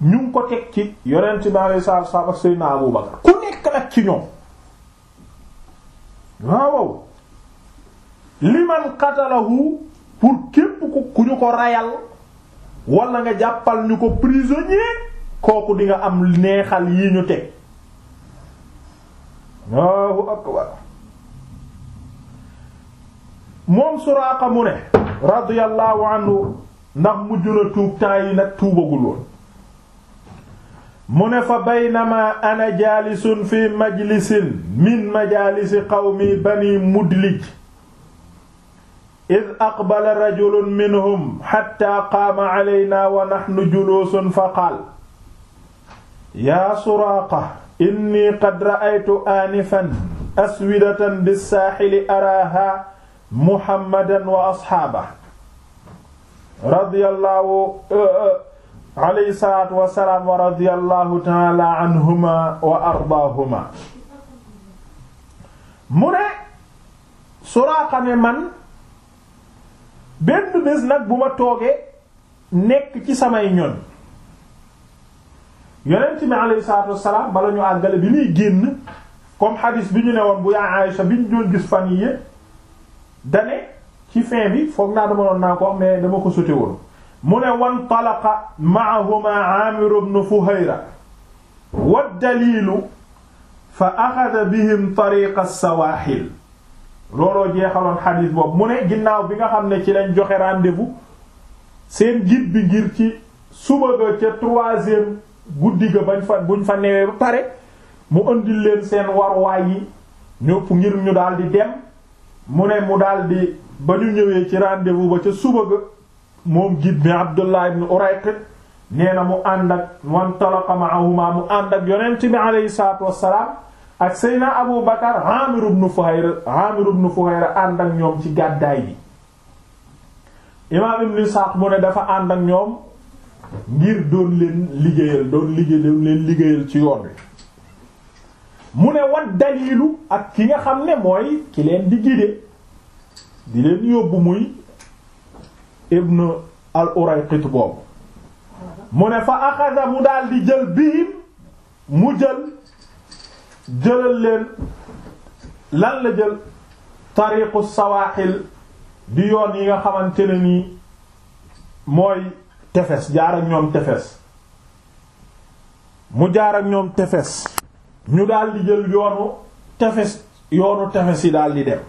ñu ko teg ci yonent bi alayhi salaatu wa salaam ak Seydina Abu Bakar ku nekk nag ci ñoom waaw liman qatalahu pour képp ku ñu ko rayal wala nga jàppal ñu ko prisonnier kooku di nga am neexal yi ñu teg Allahu akbar moom Suraaqa mu ne radiyallahu anhu ndax mujj na tuub temps yi nag tuubagul woon mu ne fa baynama ana jaalisun fi majlisin min majalisi qawmi bani mudlij id aqbala rajulun minhum xatta qaama calaynaa wa naxnu juluusun fa qaal yaa suraaqa inni qad ra'aytu aanifan aswidatan bissaaxili araaha muhammadan wa asxaabah radiyallahu alayhi salaatu wasalaam wa radiyallahu taala anhuma wa ardaahuma mu ne suraaqa ne man benn bés nag bu ma toogee nekk ci samay ñoñ yonent mi alayhi salaatu wassalaam bala ñu àggale bi nuy génn comme hadis bi ñu ne woon bu yaa Aïcha bi ñu doon gis fan yi yëpp dane ci fin bi foog naa dama doon naa ko wax mais dama ko soti woon mu ne wan talaqa ma'ahuma Aamir ibn Fuhayra wa dalilu fa axada bihim tariqa as-sawaaxil looloo jeexaloon xadiis boobu mu ne ginnaaw bi nga xam ne ci lañ joxe rendez-vous seen guide bi ngir ci suba ga ca troisième guddi ga bañ fa buñ fa newee ba pare mu indil leen seen warwaay yi ñëpp ngir ñu daal di dem mu ne mu daal di ba ñu ñëwee ci rendez ba ca suba ga moom guide bi Abdullah ibn Urayqit nee na mu ànd ak wan talaqa ma'ahuma mu ànd ak yonent bi alayhi salaatu wassalaam ak Seyna Abu Bakar Amir ibn Fuhayra ànd ak ñoom ci gàddaay bi imaam Ibn Ishaq mu ne dafa ànd ak ñoom ngir doon leen liggéeyal doon liggéey doon leen liggéeyal ci yoon wi mu ne wat daliilu ak ki nga xam ne mooy ki leen di guider di leen yóbbu muy Ibn al-Urayqit boobu mu ne fa axada mu daal di jël biim mu jël jëlal leen lan la jël tariqu sawaxil di yoon yi nga xamante ne nii mooy tefes jaar ñoom tefes mu jaar ñoom tefes ñu daal di jël yoonu tefes yoonu tefes yi daal di dem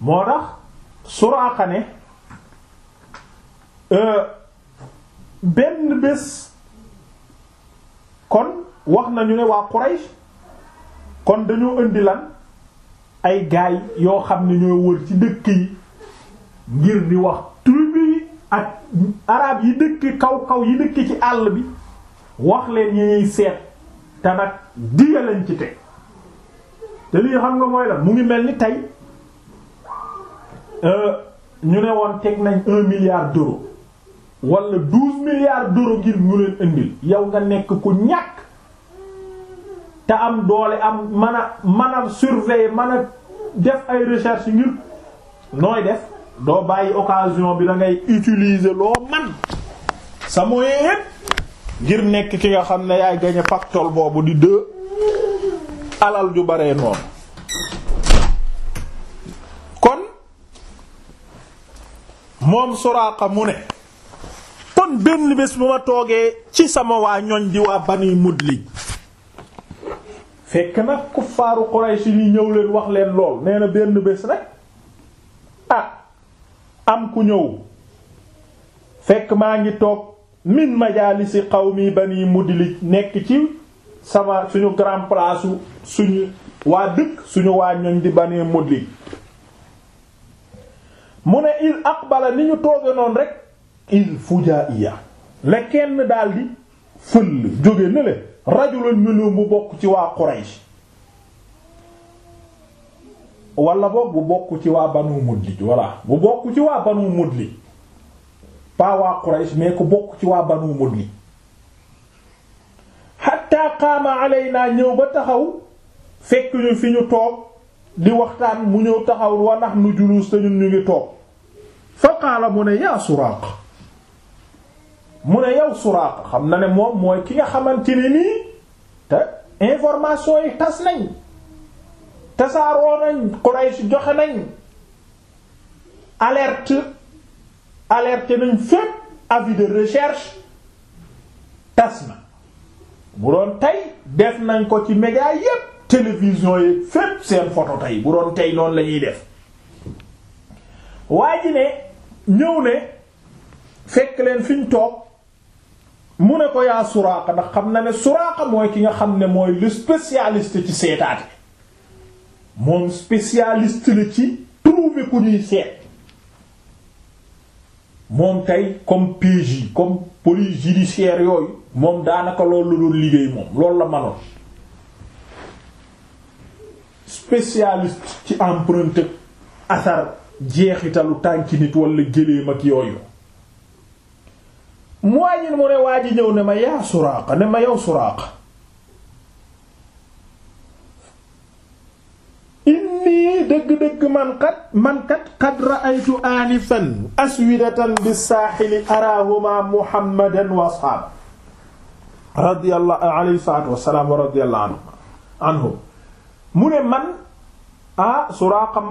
moo tax Suraaqa ne euh, benn bés kon wax na ñu ne waa Quraysh kon dañoo indi lan ay gaay yoo xam ne ñoo wër ci dëkk yi ngir di wax tribu yi ak arab yi dëkk kaw kaw yi dëkk ci àll bi wax leen yi ñuy seet te nag diga lañ ci teg te lii xam nga mooy lan mu ngi mel ni tey euh, ñu ne woon teg nañ un milliard d'euros wala douze milliards d'euros ngir ñu leen indil yow nga nekk ku ñàkk te am doole am man a man a surveiller man a def ay recherche ngir nooy def doo bàyyi occasion bi da ngay utiliser loo man sa moyen ngir nekk ki nga xam ne yaay gañe pactole boobu di dë alal ju bare noonu kon moom Suraaqa mu ne kon benn bés bu ma toogee ci sama waa ñoñ di waa Bani Mudlij fekk nag kuffaaru Quraysh ni ñëw leen wax leen lool nee na benn bés nag ah am ku ñëw fekk maa ngi toog min majaalisi qawmi bani Mudlij nekk ci sama suñu grand place suñu waa dëkk suñu waa ñoñ di bani Mudlij mu ne il aqbala ni ñu tooge noonu rek il fujaa iya la kenn daldi fëll jóge na rajulun minhum bu bokk ci waa Quraysh wala boog bu bokk ci waa banu Mudlij voilà bu bokk ci waa banu Mudlij pas waa Quraysh ku bokk ci waa banu Mudlij hatta qaama alaynaa ñëw ba taxaw fekk fi ñu toog di waxtaan mu ñëw taxaw wa nu juluus te ñun ngi toog fa qaala ne yaa Suraaqa mu ne yow Suraaqa xam na ne moom mooy ki nga xamante ne nii te information yi tas nañ tasaaroo nañ Quraysh joxe nañ alerte alerte nañ fépp avis de recherche tas na bu doon tey def nañ ko ci média yépp télévision yi fépp seen photo tey bu doon tey noonu la def waa ji ne ñëw ne fekk leen fi ñu toog mu ne ko yaa Suraaqa ndax xam na ne Suraaqa mooy ki nga xam ne mooy le spécialiste ci seetaate moom spécialiste la ci trouver ku ñuy seet moom tey comme PJ comme police judiciaire yooyu moom daanaka loolu la doon liggéey moom loolu la manoon spécialiste ci empreinte asar jeexitalu tànki nit wala gëléem ak yooyu mooy mu ne waa ji ñëw ne ma yaa suraaqa ne ma yow suraaqa inni dëgg-dëgg man kat man kat qad ra'aytu anifan aswidatan bis-saaxili araahuma mu ne man ah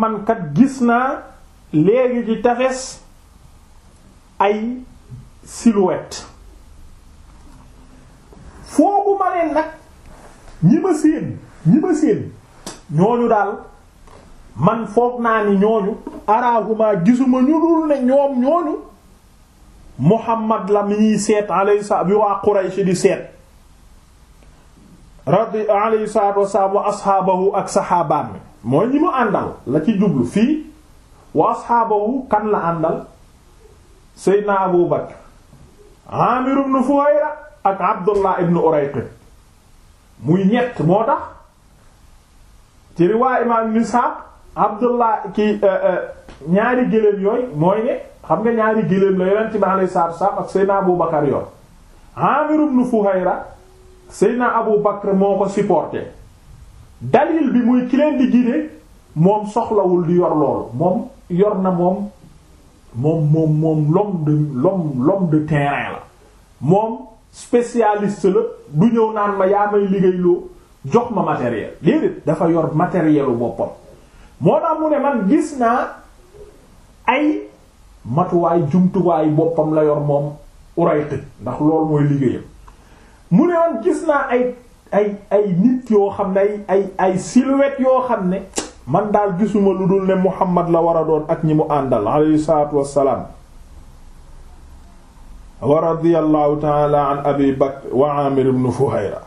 man kat gis naa ci tafes ay silhouette foogu ma leen nag ñi ma siin ñi ma séen ñooñu daal man foog naa ni ñooñu araahuma gisuma ñu dul ne ñoom ñooñu Muhammad la mi ñuy seet alayhi salaam bi waa di seet radi alayhi salaatu wasalaam wa asxaabahu ak saxaabaan mi mooy ñi mu àndal la ci jublu fii wa asxaabahu kan la àndal Seydina Abu Bakr Amir ibn Fuhayra ak Abdullah ibn Urayqit muy ñett moo tax ci riwaay imaam Nisaa Abdullah ki eh, eh, ñaari gëléem yooyu mooy ne xam nga ñaari gëléem la yonent bi alayhi salaatu salaam ak Seydina Abu Bakar yoon Amir ibn Fuhayra Seydina Abu Bakar moo ko supporté dalil bi muy ki di guider moom soxlawul di yor loolu moom yor na moom moom moom moom l'homme de l'homme l'homme de terrain la moom spécialiste la du ñëw naan ma yaa may liggéeyloo jox ma matériel léegi dafa yor matérielu boppam moo tax mu ne man gis naa ay matuwaay jumtuwaayu boppam la yor moom uray tëj ndax loolu mooy liggéeyam mu ne man gis naa ay ay ay nit yoo xam ne ay ay ay yoo xam ne man daal gisuma lu dul ne Muhammad la war a doon ak ñi mu àndal alayhi salaatu wassalaam wa radiyallahu taala abi bakr wa amir ibn fuhayra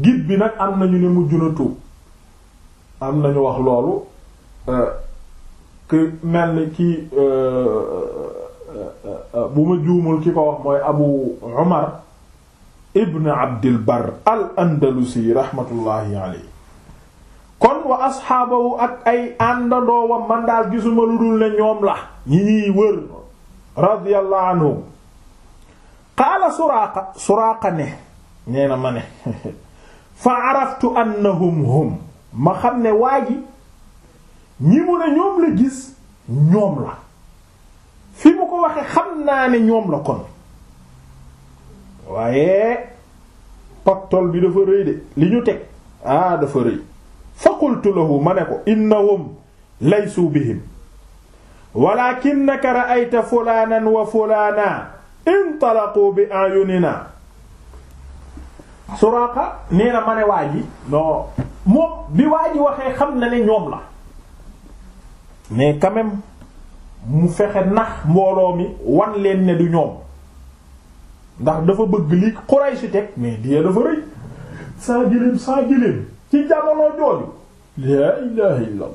git bi nag am nañu ne mujj na tuub am nañu wax loolu euh, ki mel ni ki euh, euh, bu ma juumul ki ko wax mooy abu umar ibn abdil bar al andalusi raxmatullaahi alayhi wa asxaabahu ak ay àndandoowam man daal gisuma lu dul ne ñoom la ñi ñuy wër radiyallahu anhum qaala suraaqa suraaqa ne nee na ma ne [laughs] fa araftu annahum hum ma xam ne waa gi ñi mu ne ñoom la gis ñoom la fi mu ko waxe xam naa ne ñoom la kon waaye pactole bi dafa rëy de li ñu teg ah dafa rëy fa qultu lahu ma ne ko innahum laysu bihim walakinnaka ra'ayta fulaanan wa fulaana intalaqu bi ayunina Suraaqa nee na ma ne waa ji non moom bi waa ji waxee xam na ne ñoom la mais quand mu fexe nax mbooloo mi wan leen ne du ñoom ndax dafa bëgg li Quraysh teg mais diee dafa rëy saa jëleem saa jëleem ci jamono jooju laa ilaha illa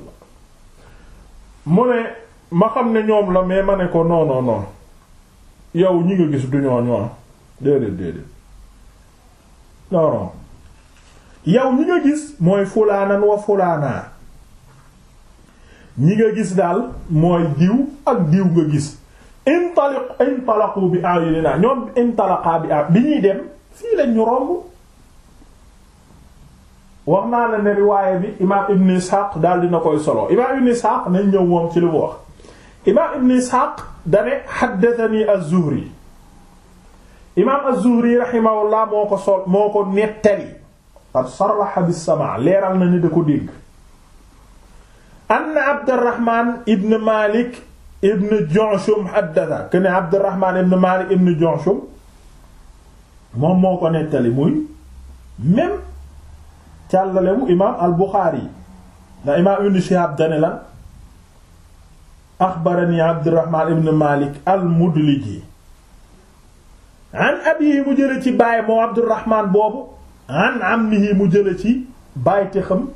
mu ne ma xam ne ñoom la mais ma ne ko non non non yow ñi nga gis du ñooñu ah déedéet déedéet non yow ñi nga gis mooy fulaanan wa fulaanaa ñi nga gis daal mooy diw ak diw nga gis intaliq intalaqu bi ayunina ñoom intalaqaa bi a bi ñuy dem fii lañ ñu romb wax naa la ne riwaaya bi imaam ibn ishaq daal dina koy solo imaam ibn ishaq nañ ñëw moom ci li mu wax imaam ibn ishaq dane xaddatani az-zuhri imaam az-zuhri rahimahullah moo ko sol moo ko nettali qad sarraha bis-sama' leeral na ni da ko dégg anna abdurrahman ibn malik ibn jonshum xaddata kene abdurrahman ibn malik ibn jonshum moom moo ko nettali muy même càllalewu imaam al Buxaari yi ndax imaam ibn Shihaab dane lan axbarani Abdurrahmaan ibn Maalik al Mudliji an abihi mu jële ci baay moo Abdurrahmaan boobu an ammihi mu jële ci baay te xam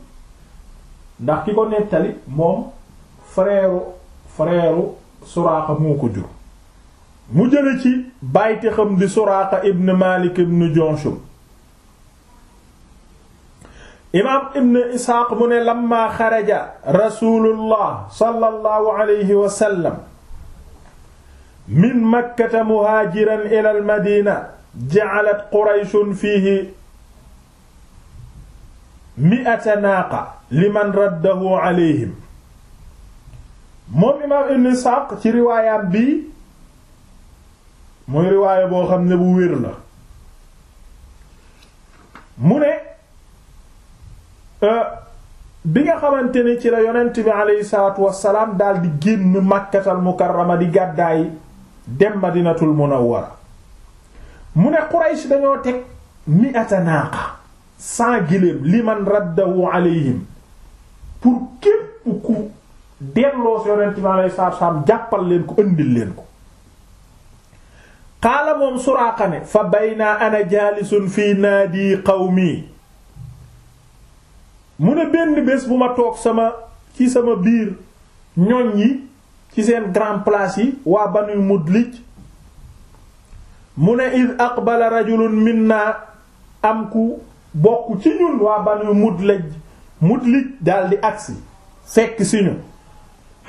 ndax ki ko nettali moom frère frère Suraaqa moo ko jur mu jële ci baay te xam di Suraaqa ibn Maalik ibn Junshum imaam ibn isxaaq mu ne lamma xaraja rasulullah sallallahu alayhi wa sallam min makkata muhaajiran ila al madina ja'alat qurayshun fiihi mi'ata naaqa liman raddahu alayhim moom imaam ibn isxaaq ci riwaayaam bii muy riwaaya boo xam ne bu wér la mu ne Euh, bi nga xamante ni ci la yonent bi aleyhi salaatu wassalaam di génn makkatal mukarrama di gàddaay dem madinatul munawwara mu ne Quraysh dañoo teg mi'ata naaqa cent giléem liman raddahu aleyhim pour képp ku delloo si bi aleyhi salaatu jàppal leen ko ëndil leen ko qaala moom Suraaqa ne fa baynaa ana jaalisun fii naadi qawmi mu ne benn bés bu ma toog sama ci sama biir ñoñ yi ci seen grand place yi waa Banu Mudlij mu ne iz aqbala rajulun minna am ku bokk ci ñun waa Banu Mudlij Mudlij daldi agsi fekk si ñu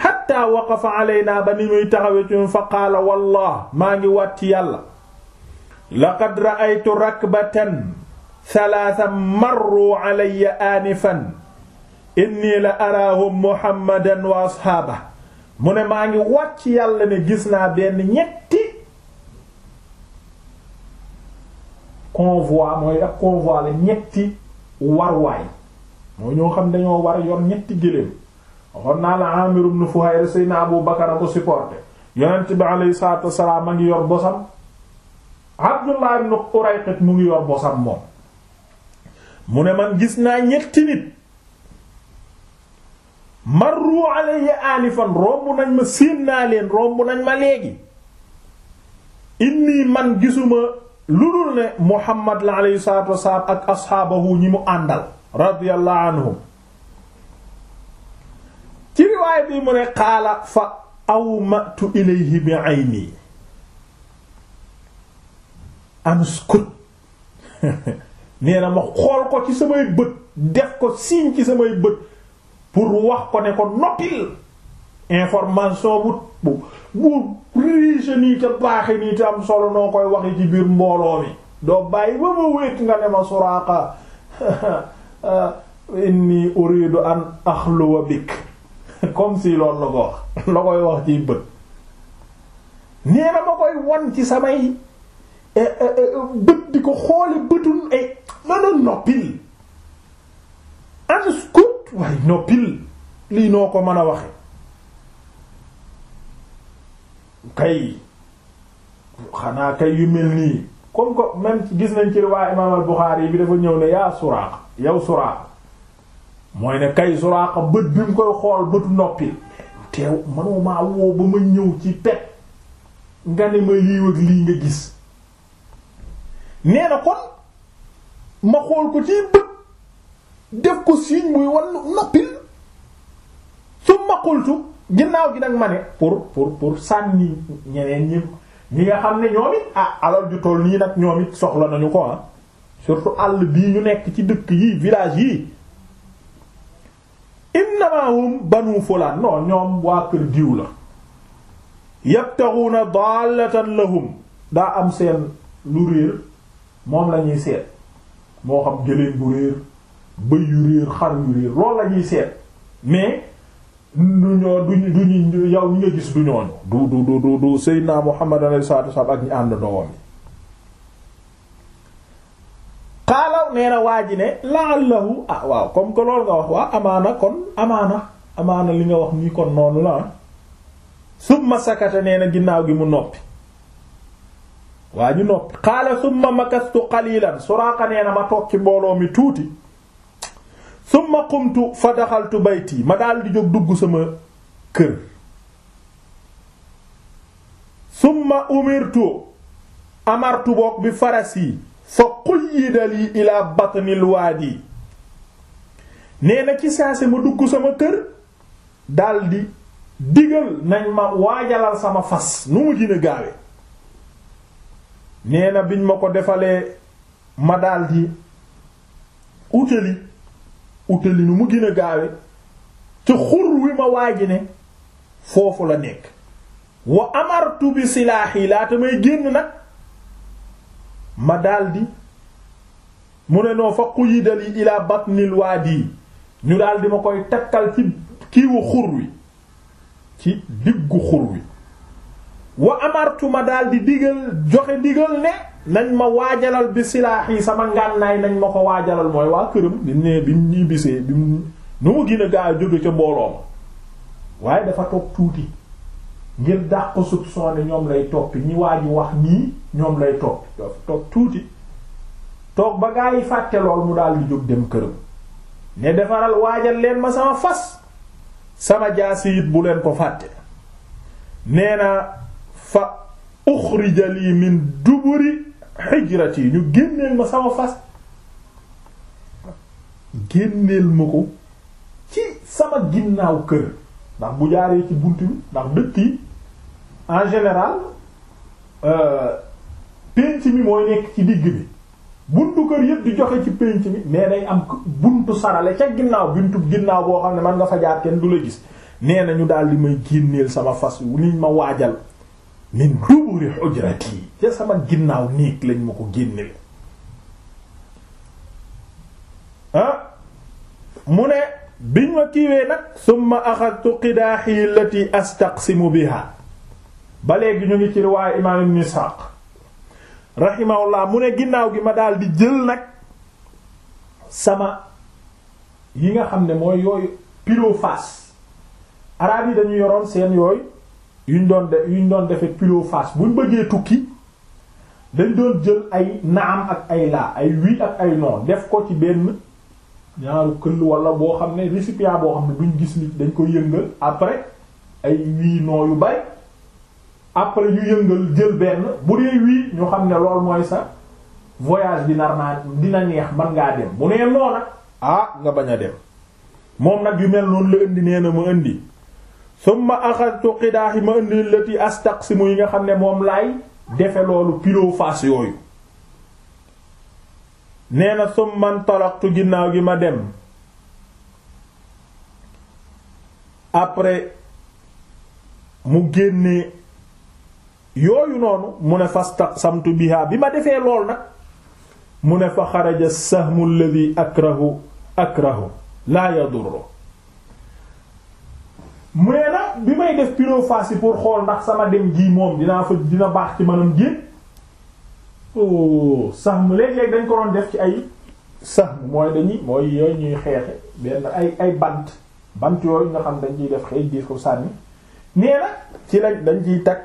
hatta waqafa alaynaa ba ni muy taxawe ci fa qaala wallah maa ngi wàtti yàlla laqad ra'aytu rakbatan salaasa marru alayya aanifan inni la araahum muhammadan wa ashaaba mu ne maa ngi wàcc yàlla ne gis naa benn ñetti convoi mooy ak convoi la ñetti warwaay moo ñoo xam dañoo war yor ñetti gëléem waxoon naa la Amir ibn Fuhayra sayna Abu Bakar a ko yonent bi alayhi salaatu wasalaam a ngi yor bosam Abdullah ibn Urayqit mu ngi yor bosam moom mu ne man gis naa ñetti nit marru alayya anifan romb nañ ma siin naa leen romb nañ ma léegi inni man gisuma lu dul ne muhammad la alayhi salaatu ak asxaabahu ñi mu àndal radiyallahu anhum ci riwaay bi mu ne xaala fa awmatu ilayhi bi ayni anskut [laughs] nee na ma xool ko ci samay bët def ko signe ci samay bët pour wax ko ne ko noppil information bu bu bu riche nii te baaxe nii te am solo noo koy waxe ci biir mbooloo mi doo bàyyi ba ma wéet nga ne ma Suraaqa [laughs] inni uridu an axluwa bik [laughs] comme si loolu la ko wax la koy wax ciy bët nee ma koy wan ci samay eh, eh, eh, bët di ko xooli bëtun ay doon noppil askut waaye noppil lii noo ko mën a waxe kay xanaa kay yu mel nii comme que même gis nañ ci riwaaya imaam al-Buxaari bi dafa ñëw ne yaa Suraaqa yow Suraaqa mooy ne kay Suraaqa bët bi mu koy xool bëtu noppil teew manuma ba ma ñëw ci pet nga ne ma lii lii nga gis nee kon ma xool ko ci bët def ko signe muy wàllu noppil su ma qultu ginnaaw gi nag ma ne pour pour pour sànni ñeneen ñi ñi nga xam ne ñoom it ah alal ju toll nii nag ñoom it soxla nañu ko ah surtout àll bii ñu nekk ci dëkk yi village yi innamahum banu fulaan non ñoom waa kër diw la yabtaghuna dallatan lahum daa am seen lu réer moom lañuy seet moo xam gëléem bu réer bëy yu réer xar yu réer loolu la ñuy seet mais du ñoo duñu duñu yow ñi nga gis du ñooñu du du du du du Seydina Muhammad alayhi wa salaam ak ñu ànd doowam yi xaalaw nee na waa ji ne laallahu ah waaw comme que nga wax waa amaana kon amaana amaana li nga wax nii kon noonu la ah summa sakata nee na ginnaaw gi mu noppi waa ñu noppi xaala summa makastu qalilan suraaqa nee na ma toog mbooloo mi tuuti summa qumtu fa daxaltu bayti ma daal di jóg dugg sama kër summa umirtu amartu boog bi farasi fa quyida lii ila batnil waadi nee na ci saase ma dugg sama kër daldi digal nañ ma waajalal sama fas nu mu gën gaawe nee na biñ ma ko defalee ma daldi utali utali nu mu gën a gaawe te xur wi ma waaji ne foofu la nekk wa amartu bi silaax yi laata may génn nag ma daldi mu ne noo fa quyidal yi ilaa batnil waadi ñu daldi ma koy takkal ci kiiwu xur wi ci diggu xur wi wa amartu ma daal di digal joxe digal ne nañ ma waajalal bi silaax yi sama ngànnaay nañ ma ko waajalal mooy waa këram di ne bi mu ñibbisee bi mu nu mu gën a gaa jóge ca mbooloom waaye dafa toog tuuti ngir dàq soupçon ne ñoom lay toppi ñi waa ji wax nii ñoom lay toppi dafa toog tuuti toog ba gaa yi fàtte lool mu daal di jóg dem këram ne defaral waajal leen ma sama fas sama jaasi it bu leen ko fàtte nee na fa uxrija lii min duburi xijrati yi ñu génneel ma sama fas génneel ma ko ci sama ginnaaw kër ndax bu jaaree ci bunt bi ndax dëkk yi en général euh, pénc mi mooy nekk ci digg bi buntu kër yëpp di joxe ci pénc mi mais day am buntu sarale ca ginnaaw buntu ginnaaw boo xam ne man nga fa jaar kenn du la gis nee ñu daal di may génneel sama fas wu liñ ma waajal min duburi hujrati ca sama ginnaaw néeg lañ ma ko génne ah, mu ne biñ ma kiiwee nag summa axadtu qidaahi allati astaqsimu biha ba léegi ñu ngi ci riwaayu imaam ibn Isxaaq rahimahullah mu ne ginnaaw gi ma daal di jël nag sama yi nga xam ne mooy yooyu pilo face araab yi dañu yoroon seen yooyu yuñ doon de yuñ doon defee pilo face buñ bëggee tukki dañ doon jël ay naam ak ay laa ay oui ak ay non def ko ci benn ñaaru këll walla boo xam ne récipient boo xam ne duñ gis ni dañ ko yëngal après ay oui non yu bay après yu yëngal jël benn bu dee oui ñu xam ne lool mooy sa voyage bi nar naa dina neex man ngaa dem bu nee noona ah nga bañ a dem moom nag yu mel noonu la indi nee na ma indi summa axadtu qidaahi ma indi lati astaqsimu yi nga xam ne moom laay defe loolu pilo face yooyu nee na summa ntalaqtu ginnaaw gi ma dem après mu génne yooyu noonu mu ne fastaqsamtu biha bi ma defee lool nag mu ne fa xaraja sahmu alladhi akrahu akrahu laa yadurru mu ne na bi may def pyrophase pour xool ndax sama dem gii moom dinaa fa dina baax ci manam jéem oh sahm léeg-léeg dañ ko doon def ci ay sahm mooy dañuy mooy yooyu ñuy xeexe benn ay ay bant bant yooyu nga xam dañ ciy def xëy diis ko sànni nee na ci lañ dañ ci takk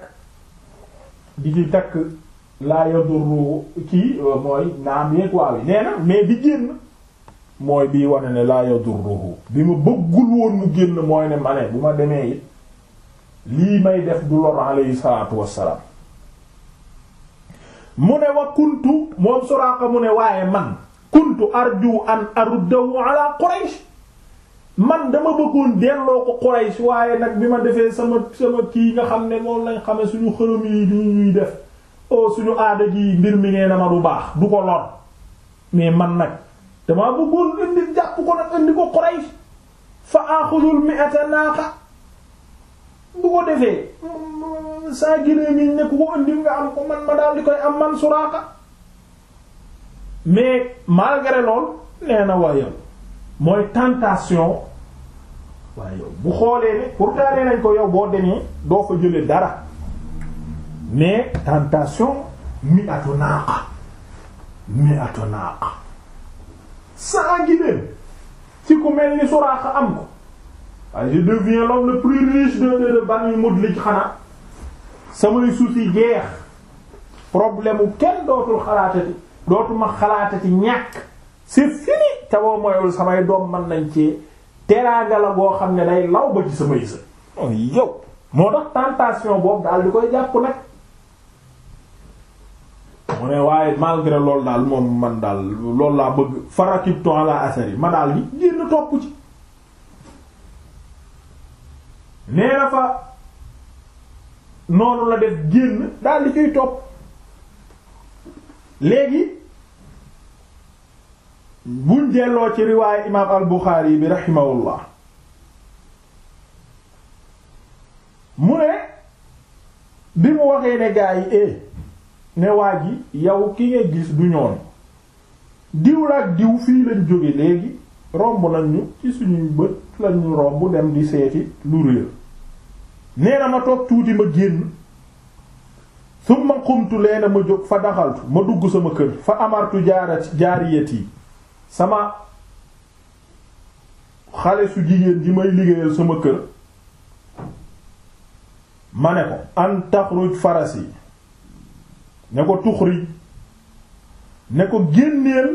di ci takk laa yadurru kii mooy naam yeeg waaw yi nee na mais di génn. mooy bii wane ne laa yadurruhu bi ma bëggul woon mu génn mooy ne ma bu ma demee it lii may def du lor alayhi salaatu wassalaam mu ne wa kuntu moom Suraaqa mu ne waaye man kuntu arju an aruddahu ala Quraysh man dama bëggoon delloo ko Quraysh waaye nag bi ma defee sama sama kii nga xam ne moom lañ xam xame suñu xërëm yi du ñuy def o oh suñu aada ji mbir mi nee na ma du baax du ko lor mais man nag damaa bëggoon indi jàpp ko nag indi ko Quraysh fa axudul mi'ata naaqa bu ko defee saa ginee miñ ne ko indi nga am ko man ma daal di koy am man Suraaqa mais malgré lool nee na mooy tentation waa yow bu xoolee ne pourtant nee nañ ko yow boo demee doo fa jële dara mais tentation mi'atu naaqa mi'atu naaqa sans guinéen ci ku mel ni Suraaqa am ko waaye je deviens l'homme le plus riche de de de Bani Mudlij xanaa samay soucis jeex problème kenn dootul xalaatati dootuma xalaatati ñàkk c'est fini te boo moyul samay doom mën nañ ci teraanga la boo xam ne day law ba ci samay sën. yow moo tax tentation boobu daal di koy jàpp nag. mu ne waaye malgré lool daal moom man daal loolu laa bëgg farakibtu ala asari ma daal di génn topp ci nee fa noonu la def génn daal di ciy topp léegi buñ delloo ci riwaaye imaam al Buxaari bi raximahullah mu ne bi mu waxee ne gaa yi eh, ne waa yow ki nga gis du ñoon diw laak diw fii lañ jóge léegi romb nañ ñu ci suñuy bët lañu romb dem di seeti lu réer nee na ma toog tuuti ma génn summa xumtu leena ma jóg fa daxaltu ma dugg sama kër fa amartu jaar jaariyat yi sama xale su jigéen ji may liggéeyal sama kër ma ne ko an taxruj farasi ne ko tuxrij ne ko génneel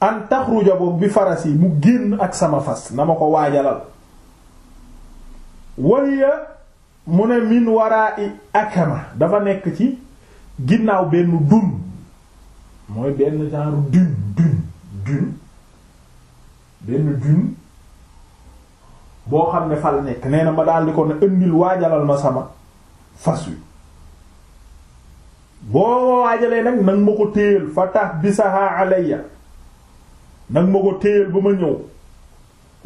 an taxruja bi faras yi mu génn ak sama fas na ma ko waajalal waya mu ne min warai akama dafa nekk ci ginnaaw benn dun mooy benn genre dun dun dun benn dun boo xam ne fal nekk nee ma daal ko ne ëndil waajalal ma sama fas wi boo waajalee nag nag ma ko téyel fa tax bisaha alayya nag ma ko téyel ba ma ñëw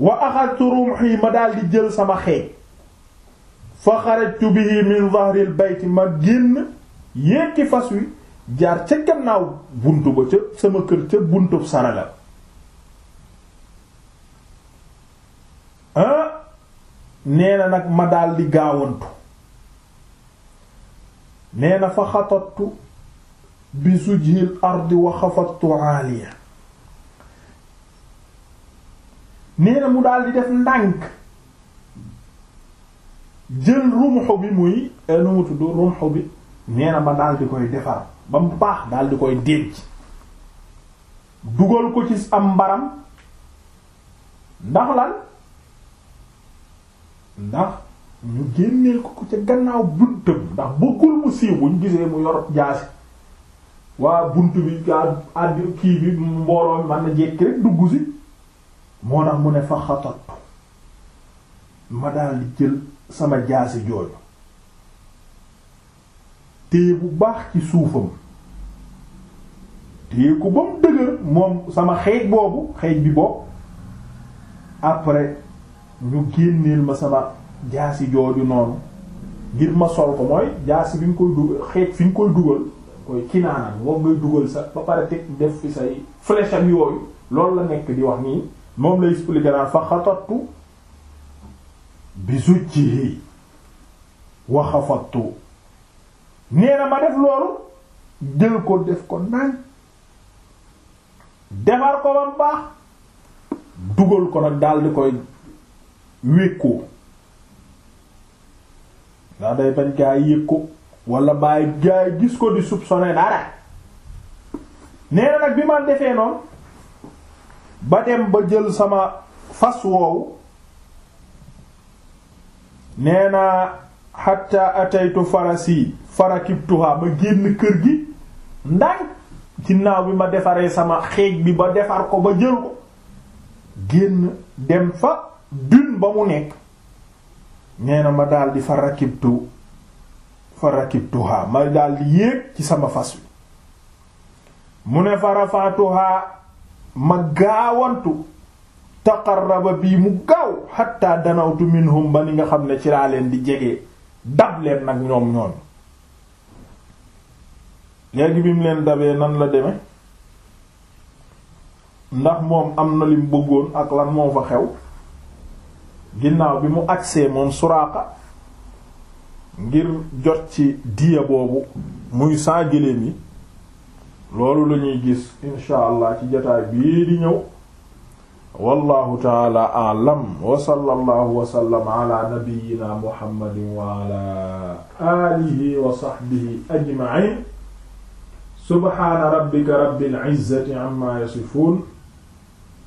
wa axadtu rumhi ma daal jël sama xeej fa xarajtu bihi min dhahril bayt ma génn yékki fas wi jaar ca gannaaw buntu ba ca sama kër ca buntu sarala ah! nee na nag ma daal gaawantu nee na fa xatattu bi sujhil ardi wa xafattu aaliya nee mu daal di def ndànk jël rumxu bi muy eh, nu mu tudd rumxu bi nee na ma di koy defar ba mu baax dal di koy denc dugal ko ci am mbaram ndax lan ndax ñu génneel ko ko ca gannaaw buntam ndax bëggul mu siiw bu ñu gisee mu yor jaasi waa bunt bi gaa àdd kii bi mbooloo man na jekki rek dugg si moo tax mu ne fa xatattu ma daal di jël sama jaasi jooju téye bu baax ci suufam téye ko ba mu dëgër moom sama xeej boobu xeej bi boobu après ñu génneel ma sama jaasi jooju noonu ngir ma sol ko mooy jaasi bi nga koy dugal xeej fi nga koy dugal koy kinaanam moom ngay dugal sa ba pare teg def fi say flèche am yooyu loolu la nekk di wax nii moom lay expliquer naan fa xatattu bi zuccihi wa xafattu nee na ma def loolu jël ko def ko naan defar ko ba baax dugal ko nag daal di koy wékkoo ndax day bañ gaa yi yëg ko wala bàyyi gaa yi gis ko di soupçonner dara nee nag bi ma defee noonu ba dem ba jël sama fas woowu nee na hatta ataytu farasi farakibtuha ma génn kër gi ndànk ginnaaw bi ma defaree sama xeej bi ba defar ko ba jël ko génn dem fa dune ba mu nekk nee na ma daal di fa rakibtu fa rakibtuha ma daal yéeg ci sama fas wi mu ne fa rafaatuha ma gaawantu taqarraba bii mu gaaw xatta danawtu minhum ba ni nga xam ne ci laa leen di jege dab leen nag ñoom ñoon léegi bi mu leen dabee nan la deme ndax moom am na lim bëggoon ak lan moo fa xew ginnaaw bi mu agsee moom Suraaqa ngir jot ci diya boobu muy saa gëléem yi loolu lañuy gis insha allah ci jotaay bi di ñëw wallahu taala alam wa sallallahu wa sallam ala nabiyyina muhammadin wa ala alihi wa sahbihi ajma'in subhana rabbika rabbil izzati amma yasifun